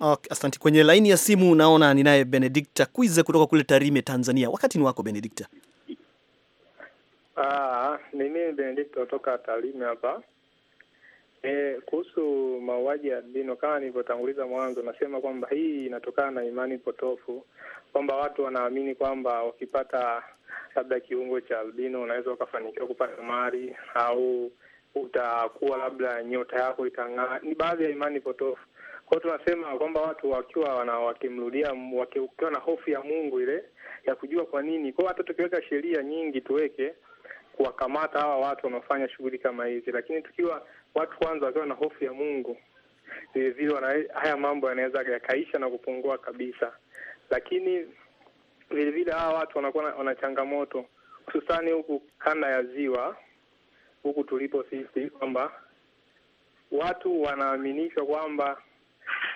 Okay, asante. Kwenye laini ya simu naona ninaye Benedicta Kwize kutoka kule Tarime, Tanzania. Wakati ni wako Benedicta. Aa, ah, ni mimi Benedict kutoka Talimi hapa. E, kuhusu mauaji ya albino kama nilivyotanguliza mwanzo, nasema kwamba hii inatokana na imani potofu kwamba watu wanaamini kwamba wakipata labda kiungo cha albino unaweza ukafanikiwa kupata mali au utakuwa labda nyota yako itang'aa. Ni baadhi ya imani potofu. Kwa tunasema kwamba watu wakiwa wana wakimrudia wakiwa na hofu ya Mungu ile ya kujua kwa nini. Kwa hata tukiweka sheria nyingi tuweke kuwakamata hawa watu wanaofanya shughuli kama hizi. Lakini tukiwa watu kwanza wakiwa na hofu ya Mungu, vilevile haya mambo yanaweza yakaisha na kupungua kabisa. Lakini vilevile hawa watu wanakuwa wana changamoto hususani huku kanda ya ziwa huku tulipo sisi, kwamba watu wanaaminishwa kwamba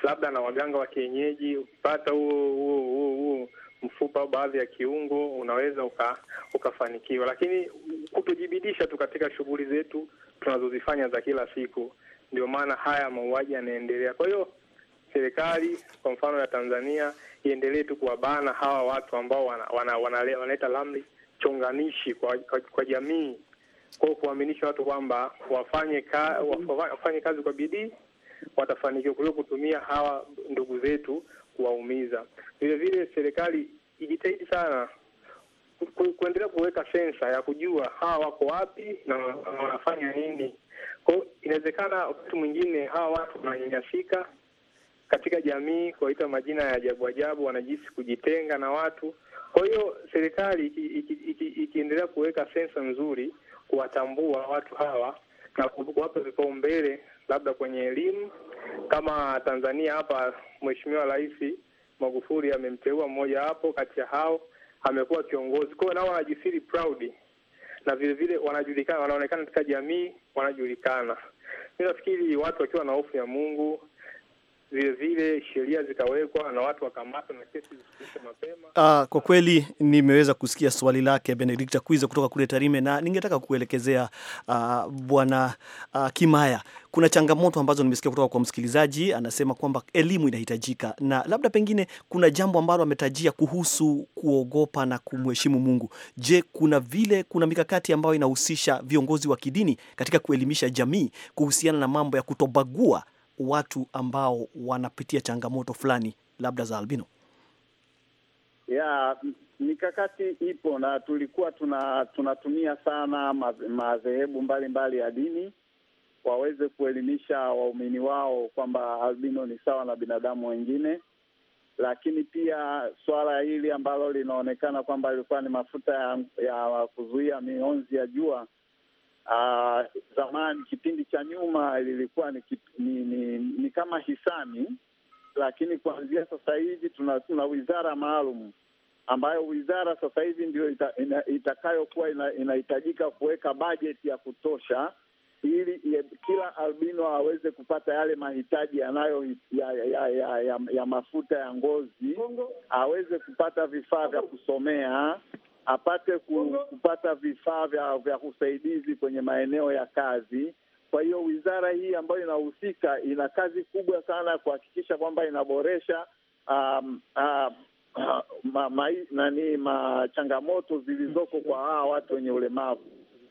labda na waganga wa kienyeji hupata huo huo huo mfupa au baadhi ya kiungo, unaweza uka, ukafanikiwa, lakini kutojibidisha tu katika shughuli zetu tunazozifanya za kila siku, ndio maana haya mauaji yanaendelea. Kwa hiyo serikali kwa mfano ya Tanzania iendelee tu kuwabana hawa watu ambao wanaleta wana, wana, wana ramli chonganishi kwa, kwa, kwa jamii kwa kuaminisha watu kwamba wafanye, ka, wafanye kazi kwa bidii watafanikiwa, kuliko kutumia hawa ndugu zetu kuwaumiza. Vile vile serikali ijitahidi sana kuendelea kuweka sensa ya kujua hawa wako wapi na wanafanya nini. Kwa hiyo inawezekana wakati mwingine hawa watu wananyanyasika katika jamii, kuwaita majina ya ajabu ajabu, wanajisi kujitenga na watu. Kwa hiyo serikali ikiendelea kuweka sensa nzuri, kuwatambua watu hawa na kuwapa vipaumbele labda kwenye elimu. Kama Tanzania hapa, Mheshimiwa Rais Magufuli amemteua mmoja wapo kati ya hao, amekuwa kiongozi. Kwa nao wanajisiri proud na vile vile wanajulikana, wanaonekana katika jamii, wanajulikana. Mimi nafikiri watu wakiwa na hofu ya Mungu vile vile sheria zikawekwa na watu wakamatwa na kesi zisikilizwe mapema. Ah, kwa kweli nimeweza kusikia swali lake Benedicta Kwiza kutoka kule Tarime, na ningetaka kuelekezea ah, bwana ah, Kimaya kuna changamoto ambazo nimesikia kutoka kwa msikilizaji, anasema kwamba elimu inahitajika, na labda pengine kuna jambo ambalo ametajia kuhusu kuogopa na kumheshimu Mungu. Je, kuna vile kuna mikakati ambayo inahusisha viongozi wa kidini katika kuelimisha jamii kuhusiana na mambo ya kutobagua watu ambao wanapitia changamoto fulani labda za albino? ya mikakati ipo na tulikuwa tuna, tunatumia sana madhehebu mbalimbali ya dini waweze kuelimisha waumini wao kwamba albino ni sawa na binadamu wengine, lakini pia suala hili ambalo linaonekana kwamba ilikuwa ni mafuta ya, ya kuzuia mionzi ya jua Uh, zamani kipindi cha nyuma lilikuwa ni, ni, ni, ni kama hisani, lakini kuanzia sasa hivi tuna, tuna wizara maalum ambayo wizara sasa hivi ndio ita, ina, itakayokuwa inahitajika ina kuweka bajeti ya kutosha ili ya, kila albino aweze kupata yale mahitaji yanayo ya, ya, ya, ya, ya, ya mafuta ya ngozi, aweze kupata vifaa vya kusomea apate kupata vifaa vya, vya usaidizi kwenye maeneo ya kazi. Kwa hiyo wizara hii ambayo inahusika ina kazi kubwa sana ya kuhakikisha kwamba inaboresha um, um, uh, ma, ma, nani machangamoto zilizoko kwa hawa watu wenye ulemavu.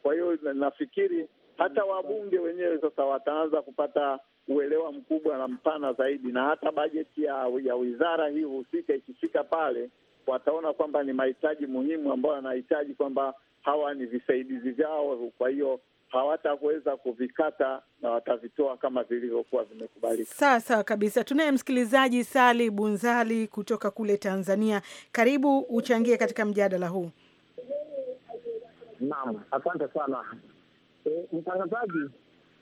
Kwa hiyo nafikiri hata wabunge wenyewe sasa wataanza kupata uelewa mkubwa na mpana zaidi, na hata bajeti ya, ya wizara hii husika ikifika pale wataona kwamba ni mahitaji muhimu ambayo anahitaji kwamba hawa ni visaidizi vyao, kwa hiyo hawataweza kuvikata na watavitoa kama vilivyokuwa vimekubalika. Sawa sawa kabisa. Tunaye msikilizaji Sali Bunzali kutoka kule Tanzania. Karibu uchangie katika mjadala huu. Naam, asante sana e, mtangazaji.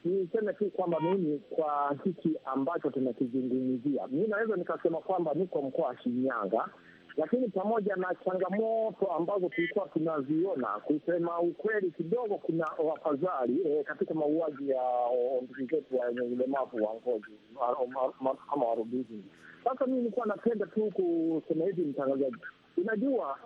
Niseme tu kwamba mimi kwa hiki ambacho tunakizungumzia, mi naweza nikasema kwamba niko mkoa wa Shinyanga lakini pamoja na changamoto ambazo tulikuwa tunaziona, kusema ukweli, kidogo kuna wafadhali e, katika mauaji ya ndugu zetu wenye ulemavu wa ngozi kama warubizi. Sasa mii nilikuwa napenda tu kusema hivi, mtangazaji, unajua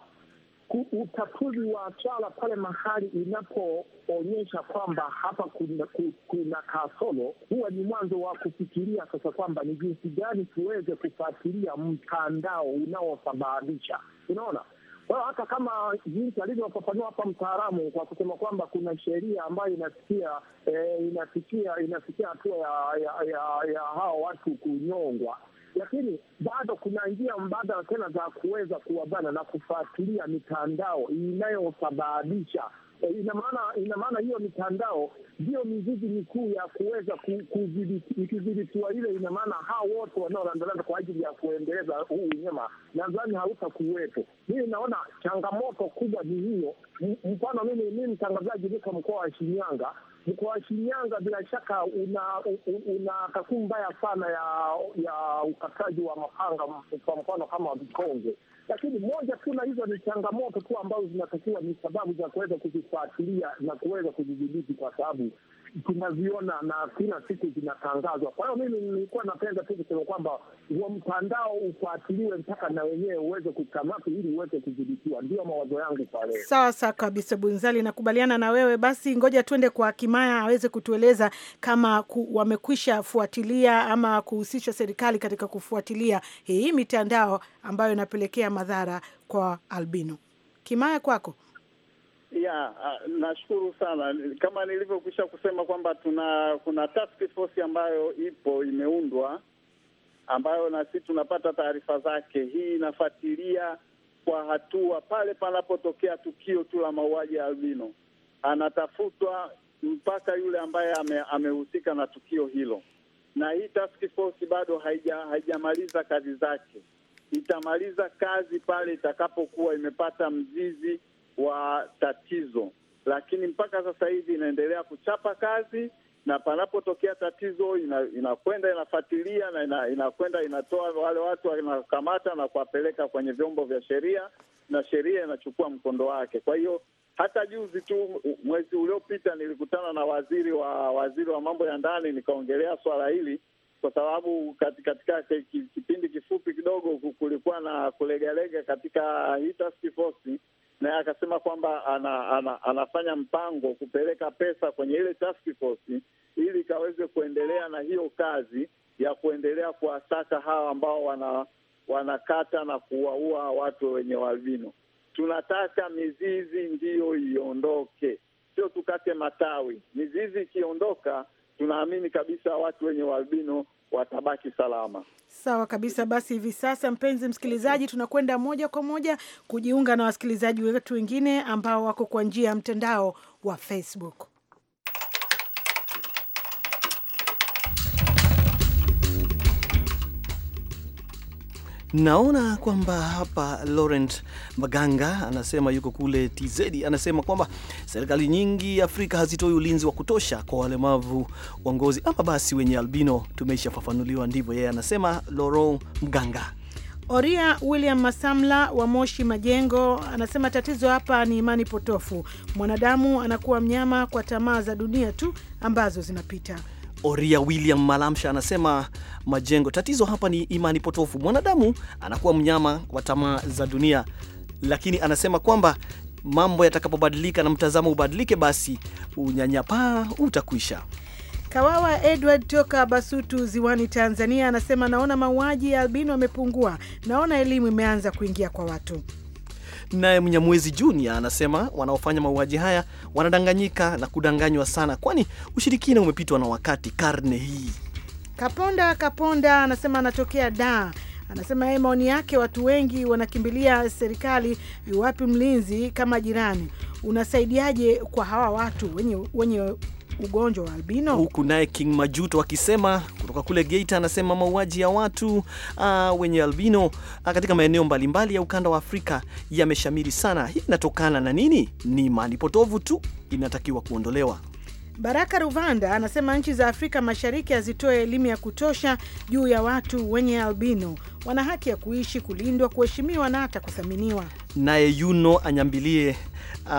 utatuzi wa swala pale mahali inapoonyesha kwamba hapa kuna, kuna kasoro, huwa ni mwanzo wa kufikiria sasa kwamba ni jinsi gani tuweze kufuatilia mtandao unaosababisha. Unaona, kwa hiyo hata kama jinsi alivyofafanua hapa mtaalamu kwa kusema kwamba kuna sheria ambayo inafikia eh, inafikia inafikia hatua ya, ya, ya, ya hao watu kunyongwa lakini bado kuna njia mbadala tena za kuweza kuwabana na kufuatilia mitandao inayosababisha E, ina maana ina maana hiyo mitandao ndiyo mizizi mikuu ya kuweza ikidhibitiwa ile, ina maana hao wote wanaolandalanda kwa ajili ya kuendeleza huu unyama nadhani hautakuwepo. Mimi naona changamoto kubwa ni hiyo. Mfano mimi, mimi mtangazaji, niko mkoa wa Shinyanga Mkoa wa Shinyanga bila shaka una, una takwimu mbaya sana ya ya ukataji wa mapanga, kwa mfano kama Vikonge, lakini moja tu, na hizo ni changamoto tu ambazo zinatakiwa ni sababu za kuweza kuzifuatilia na kuweza kuzidhibiti, kwa sababu tunaziona na kila siku zinatangazwa. Kwa hiyo mimi nilikuwa napenda tu kusema kwamba huo mtandao ufuatiliwe mpaka na wenyewe uweze kukamata ili uweze kudhibitiwa. Ndio mawazo yangu pale. Sawa sawa kabisa, Bunzali, nakubaliana na wewe. Basi ngoja tuende kwa Kimaya aweze kutueleza kama ku, wamekwisha fuatilia ama kuhusisha serikali katika kufuatilia hii mitandao ambayo inapelekea madhara kwa albino. Kimaya, kwako ya nashukuru sana. Kama nilivyokwisha kusema kwamba tuna kuna task force ambayo ipo imeundwa, ambayo na sisi tunapata taarifa zake. Hii inafuatilia kwa hatua pale panapotokea tukio tu la mauaji ya albino, anatafutwa mpaka yule ambaye amehusika ame na tukio hilo, na hii task force bado haija haijamaliza kazi zake. Itamaliza kazi pale itakapokuwa imepata mzizi wa tatizo, lakini mpaka sasa hivi inaendelea kuchapa kazi na panapotokea tatizo inakwenda ina inafuatilia na inakwenda ina inatoa wale watu wanakamata na kuwapeleka kwenye vyombo vya sheria na sheria inachukua mkondo wake. Kwa hiyo hata juzi tu mwezi uliopita nilikutana na waziri wa waziri wa mambo ya ndani nikaongelea swala hili, kwa sababu katika kipindi kifupi kidogo kulikuwa na kulegalega katika hii task force naye akasema kwamba ana, ana, anafanya mpango kupeleka pesa kwenye ile task force ili ikaweze kuendelea na hiyo kazi ya kuendelea kuwasaka hawa ambao wana, wanakata na kuwaua watu wenye ualbino. Tunataka mizizi ndiyo iondoke, sio tukate matawi. Mizizi ikiondoka, tunaamini kabisa watu wenye ualbino watabaki salama. Sawa kabisa. Basi hivi sasa, mpenzi msikilizaji, tunakwenda moja kwa moja kujiunga na wasikilizaji wetu wengine ambao wako kwa njia ya mtandao wa Facebook. Naona kwamba hapa Laurent Maganga anasema yuko kule TZ, anasema kwamba serikali nyingi Afrika hazitoi ulinzi wa kutosha kwa walemavu wa ngozi ama basi wenye albino. Tumeshafafanuliwa, ndivyo yeye anasema Laurent Mganga. Oria William Masamla wa Moshi Majengo anasema tatizo hapa ni imani potofu. Mwanadamu anakuwa mnyama kwa tamaa za dunia tu ambazo zinapita. Oria William Malamsha anasema majengo, tatizo hapa ni imani potofu. Mwanadamu anakuwa mnyama wa tamaa za dunia, lakini anasema kwamba mambo yatakapobadilika na mtazamo ubadilike, basi unyanyapaa utakwisha. Kawawa Edward toka Basutu Ziwani, Tanzania anasema naona mauaji ya albino yamepungua, naona elimu imeanza kuingia kwa watu. Naye Mnyamwezi Junior anasema wanaofanya mauaji haya wanadanganyika na kudanganywa sana, kwani ushirikina umepitwa na wakati karne hii. Kaponda Kaponda anasema anatokea da anasema yeye maoni yake, watu wengi wanakimbilia serikali. yuwapi mlinzi kama jirani? Unasaidiaje kwa hawa watu wenye, wenye ugonjwa wa albino. Huku naye King Majuto akisema kutoka kule Geita, anasema mauaji ya watu uh, wenye albino uh, katika maeneo mbalimbali ya ukanda wa Afrika yameshamiri sana. Hii inatokana na nini? Ni mali potovu tu, inatakiwa kuondolewa. Baraka Ruvanda anasema nchi za Afrika Mashariki hazitoe elimu ya kutosha juu ya watu wenye albino. Wana haki ya kuishi, kulindwa, kuheshimiwa na hata kuthaminiwa. Naye Yuno Anyambilie,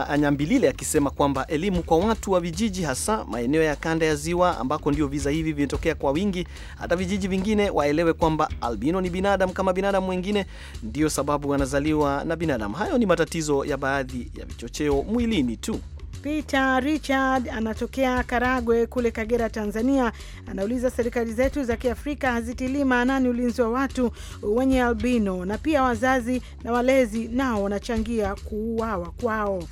Anyambilile akisema kwamba elimu kwa watu wa vijiji, hasa maeneo ya kanda ya Ziwa ambako ndio visa hivi vimetokea kwa wingi, hata vijiji vingine waelewe kwamba albino ni binadamu kama binadamu wengine, ndio sababu wanazaliwa na binadamu. Hayo ni matatizo ya baadhi ya vichocheo mwilini tu. Peter Richard anatokea Karagwe kule Kagera, Tanzania, anauliza serikali zetu za Kiafrika hazitilii maanani ulinzi wa watu wenye albino, na pia wazazi na walezi nao wanachangia kuuawa kwao.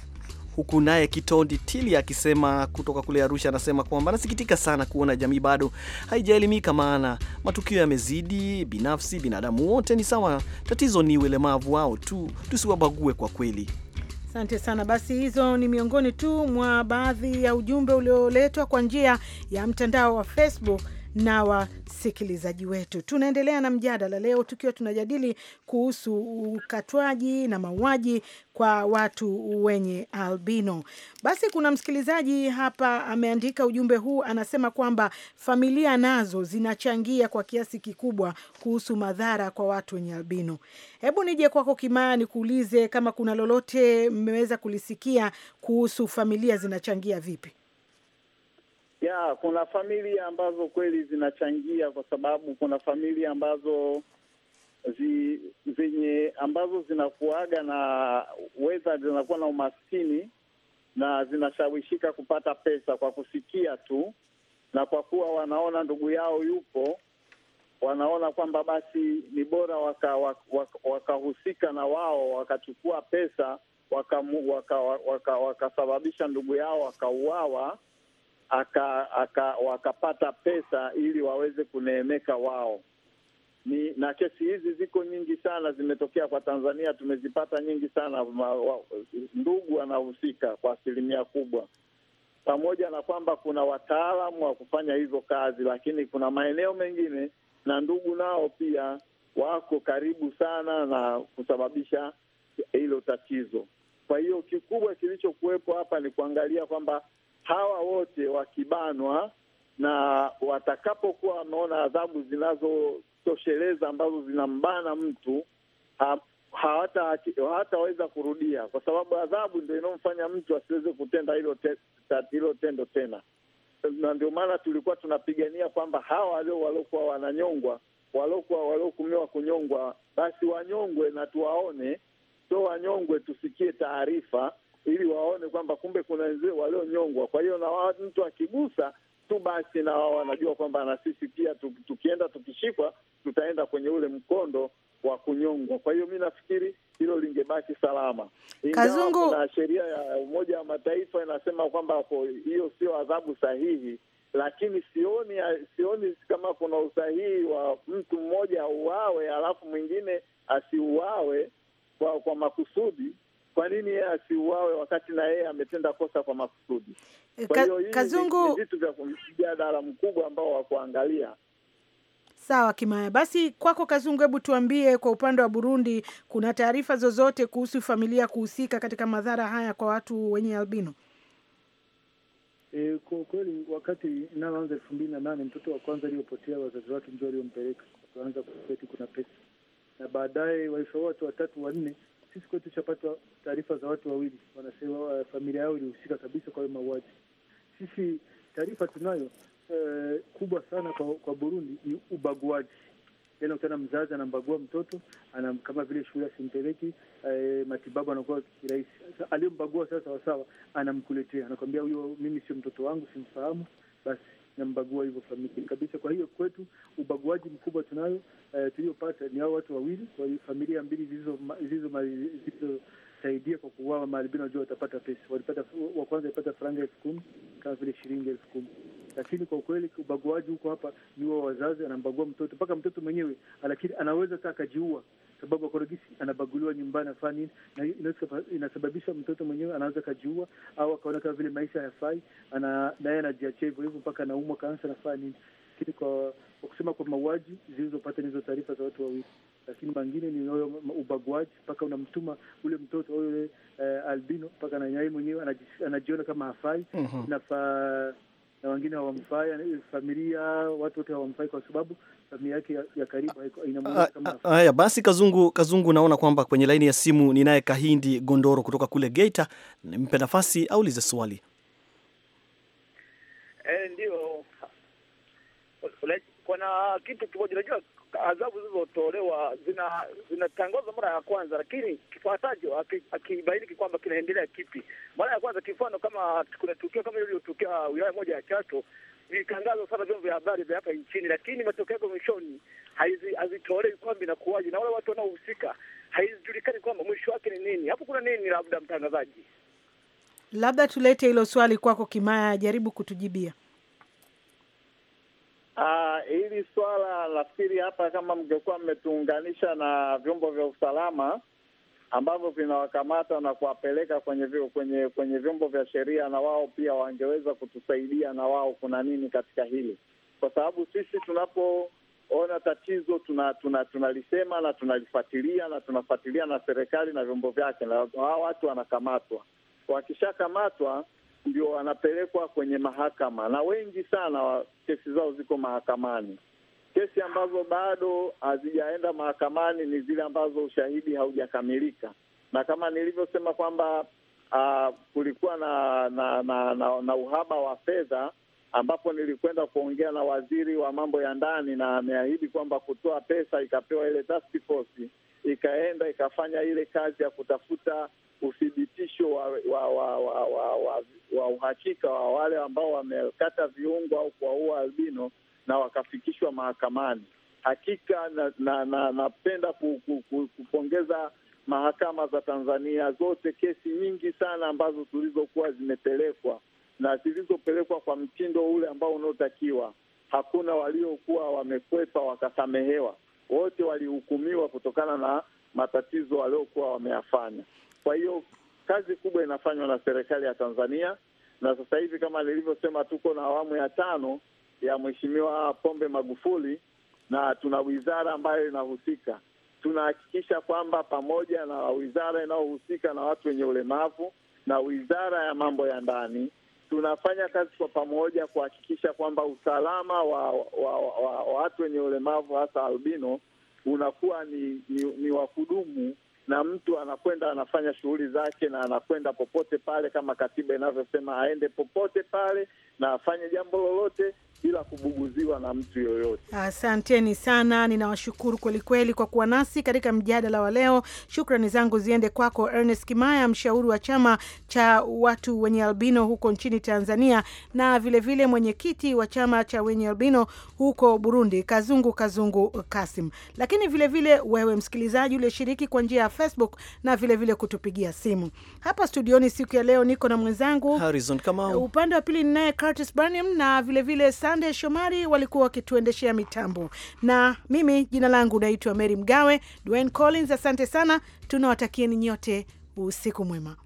Huku naye Kitondi Tili akisema kutoka kule Arusha, anasema kwamba anasikitika sana kuona jamii bado haijaelimika, maana matukio yamezidi. Binafsi binadamu wote ni sawa, tatizo ni ulemavu wao tu, tusiwabague kwa kweli. Asante sana. Basi hizo ni miongoni tu mwa baadhi ya ujumbe ulioletwa kwa njia ya mtandao wa Facebook na wasikilizaji wetu. Tunaendelea na mjadala leo tukiwa tunajadili kuhusu ukatwaji na mauaji kwa watu wenye albino. Basi kuna msikilizaji hapa ameandika ujumbe huu, anasema kwamba familia nazo zinachangia kwa kiasi kikubwa kuhusu madhara kwa watu wenye albino. Hebu nije kwako Kimaa nikuulize kama kuna lolote mmeweza kulisikia kuhusu familia zinachangia vipi? ya kuna familia ambazo kweli zinachangia kwa sababu kuna familia ambazo zi, zenye ambazo zinakuaga na weza zinakuwa na umaskini na zinashawishika kupata pesa kwa kusikia tu, na kwa kuwa wanaona ndugu yao yupo, wanaona kwamba basi ni bora wakahusika waka, waka, waka na wao wakachukua pesa wakasababisha waka, waka, waka ndugu yao wakauawa aka, aka, wakapata pesa ili waweze kuneemeka wao ni na kesi hizi ziko nyingi sana, zimetokea kwa Tanzania, tumezipata nyingi sana. Ma, wa, ndugu wanahusika kwa asilimia kubwa, pamoja na kwamba kuna wataalamu wa kufanya hizo kazi, lakini kuna maeneo mengine na ndugu nao pia wako karibu sana na kusababisha hilo tatizo. Kwa hiyo kikubwa kilichokuwepo hapa ni kuangalia kwamba hawa wote wakibanwa na watakapokuwa wameona adhabu zinazotosheleza ambazo zinambana mtu ha, hawata hawataweza kurudia, kwa sababu adhabu ndio inayomfanya mtu asiweze kutenda hilo te, tendo tena. Na ndio maana tulikuwa tunapigania kwamba hawa walio waliokuwa wananyongwa waliokuwa waliohukumiwa kunyongwa basi wanyongwe na tuwaone, sio wanyongwe tusikie taarifa ili waone kwamba kumbe kuna wenzie walionyongwa. Kwa hiyo na mtu akigusa tu basi na wao wanajua kwamba na sisi pia tukienda tukishikwa tutaenda kwenye ule mkondo wa kunyongwa. Kwa hiyo mi nafikiri hilo lingebaki salama, Kazungu... na sheria ya Umoja wa Mataifa inasema kwamba hiyo sio adhabu sahihi, lakini sioni sioni kama kuna usahihi wa mtu mmoja auawe alafu mwingine asiuawe kwa, kwa makusudi. Kwa nini yeye asiuawe wakati na yeye ametenda kosa kwa makusudi? Eh, kwa hiyo Kazungu, vitu vya mjadala mkubwa ambao wa kuangalia. Sawa Kimaya, basi kwako Kazungu, hebu tuambie kwa upande wa Burundi, kuna taarifa zozote kuhusu familia kuhusika katika madhara haya kwa watu wenye albino? E, kwa kweli wakati inaloanza elfu mbili na nane mtoto wa kwanza aliyopotea wazazi wake ndio aliompeleka tukaanza kuketi kuna pesa, na baadaye waifa watu watatu wanne sisi kwetu tushapata taarifa za watu wawili wanasema eh, familia yao ilihusika kabisa kwa mauaji. Sisi taarifa tunayo uh, kubwa sana kwa, kwa Burundi ni ubaguaji, yaani ukiona mzazi anambagua mtoto anam, kama vile shule asimpeleki eh, matibabu anakuwa kirahisi. Aliyembagua sasa sawasawa, anamkuletea anakwambia, huyo mimi sio mtoto wangu, simfahamu, basi na mbagua hivyofahamiki kabisa. Kwa hiyo kwetu ubaguaji mkubwa tunayo eh, tuliyopata ni hao watu wawili kwa familia mbili zilizosaidia kwa kuuawa maalbino. Wajua watapata pesa, walipata wa kwanza alipata faranga elfu kumi kama vile shilingi elfu kumi lakini kwa ukweli ubaguaji huko hapa ni wa wazazi, anambagua mtoto mpaka mtoto mwenyewe, lakini anaweza hata akajiua sababu akorogisi anabaguliwa nyumbani, afanya nini, na inasababisha mtoto mwenyewe anaweza kajiua au akaona kama vile maisha hayafai, naye anajiachia hivyo hivyo mpaka anaumwa kansa, anafanya nini. Lakini kwa kusema kwa mauaji zilizopata nizo taarifa za watu wawili, lakini mangine ni huyo ubaguaji, mpaka unamtuma ule mtoto yule uh, albino mpaka nanyai mwenyewe anajiona kama hafai mm -hmm. nafaa na wengine hawamfai, familia, watu wote hawamfai kwa sababu Ah, ah, haya. Basi Kazungu, Kazungu, naona kwamba kwenye laini ya simu ninaye Kahindi Gondoro kutoka kule Geita. Nimpe nafasi aulize swali. E, ndio kuna kitu kimoja, najua adhabu zilizotolewa zinatangazwa mara ya kwanza, lakini kifuatacho hakibainiki kwamba kinaendelea kipi. Mara ya kwanza, kifano kama kuna tukio kama iliyotokea wilaya moja ya Chato vilitangazwa sana vyombo vya habari vya hapa nchini, lakini matokeo yake mwishoni hazitolewi kwamba inakuwaje, na wale watu wanaohusika haijulikani kwamba mwisho wake ni nini. Hapo kuna nini? Labda mtangazaji, labda tulete hilo swali kwako Kimaya, jaribu kutujibia. Uh, hili swala nafikiri hapa kama mngekuwa mmetuunganisha na vyombo vya usalama ambavyo vinawakamata na kuwapeleka kwenye kwenye kwenye vyombo vya sheria, na wao pia wangeweza kutusaidia na wao kuna nini katika hili, kwa sababu sisi tunapoona tatizo tunalisema tuna, tuna na tunalifuatilia na tunafuatilia na serikali na vyombo vyake, na hawa watu wanakamatwa. Wakishakamatwa ndio wanapelekwa kwenye mahakama, na wengi sana kesi zao ziko mahakamani. Kesi ambazo bado hazijaenda mahakamani ni zile ambazo ushahidi haujakamilika, na kama nilivyosema kwamba uh, kulikuwa na na, na, na na uhaba wa fedha, ambapo nilikwenda kuongea na waziri wa mambo ya ndani, na ameahidi kwamba kutoa pesa ikapewa ile task force ikaenda ikafanya ile kazi ya kutafuta uthibitisho wa wa wa, wa, wa, wa, wa uhakika wa wale ambao wamekata viungo au kuwaua albino na wakafikishwa mahakamani. Hakika napenda na, na, na kupongeza mahakama za Tanzania zote, kesi nyingi sana ambazo zilizokuwa zimepelekwa na zilizopelekwa kwa mtindo ule ambao unaotakiwa. Hakuna waliokuwa wamekwepa wakasamehewa, wote walihukumiwa kutokana na matatizo waliokuwa wameyafanya. Kwa hiyo kazi kubwa inafanywa na serikali ya Tanzania, na sasa hivi kama nilivyosema, tuko na awamu ya tano ya Mheshimiwa Pombe Magufuli na tuna wizara ambayo inahusika. Tunahakikisha kwamba pamoja na wizara inayohusika na watu wenye ulemavu na wizara ya mambo ya ndani tunafanya kazi kwa pamoja kuhakikisha kwamba usalama wa, wa, wa, wa, wa watu wenye ulemavu hasa albino unakuwa ni, ni, ni wa kudumu na mtu anakwenda anafanya shughuli zake na anakwenda popote pale, kama katiba inavyosema, aende popote pale na afanye jambo lolote bila kubuguziwa na mtu yoyote. Asanteni sana, ninawashukuru kwelikweli kwa kuwa nasi katika mjadala wa leo. Shukrani zangu ziende kwako Ernest Kimaya, mshauri wa chama cha watu wenye albino huko nchini Tanzania na vilevile mwenyekiti wa chama cha wenye albino huko Burundi, Kazungu Kazungu Kasim. Lakini vilevile vile, wewe msikilizaji ulioshiriki kwa njia ya Facebook na vilevile vile kutupigia simu hapa studioni siku ya leo, niko na mwenzangu Harrison Kamau, upande wa pili ninaye Curtis na vilevile vile Sande Shomari walikuwa wakituendeshea mitambo, na mimi jina langu naitwa Mary Mgawe. Dwayne Collins, asante sana, tunawatakieni nyote usiku mwema.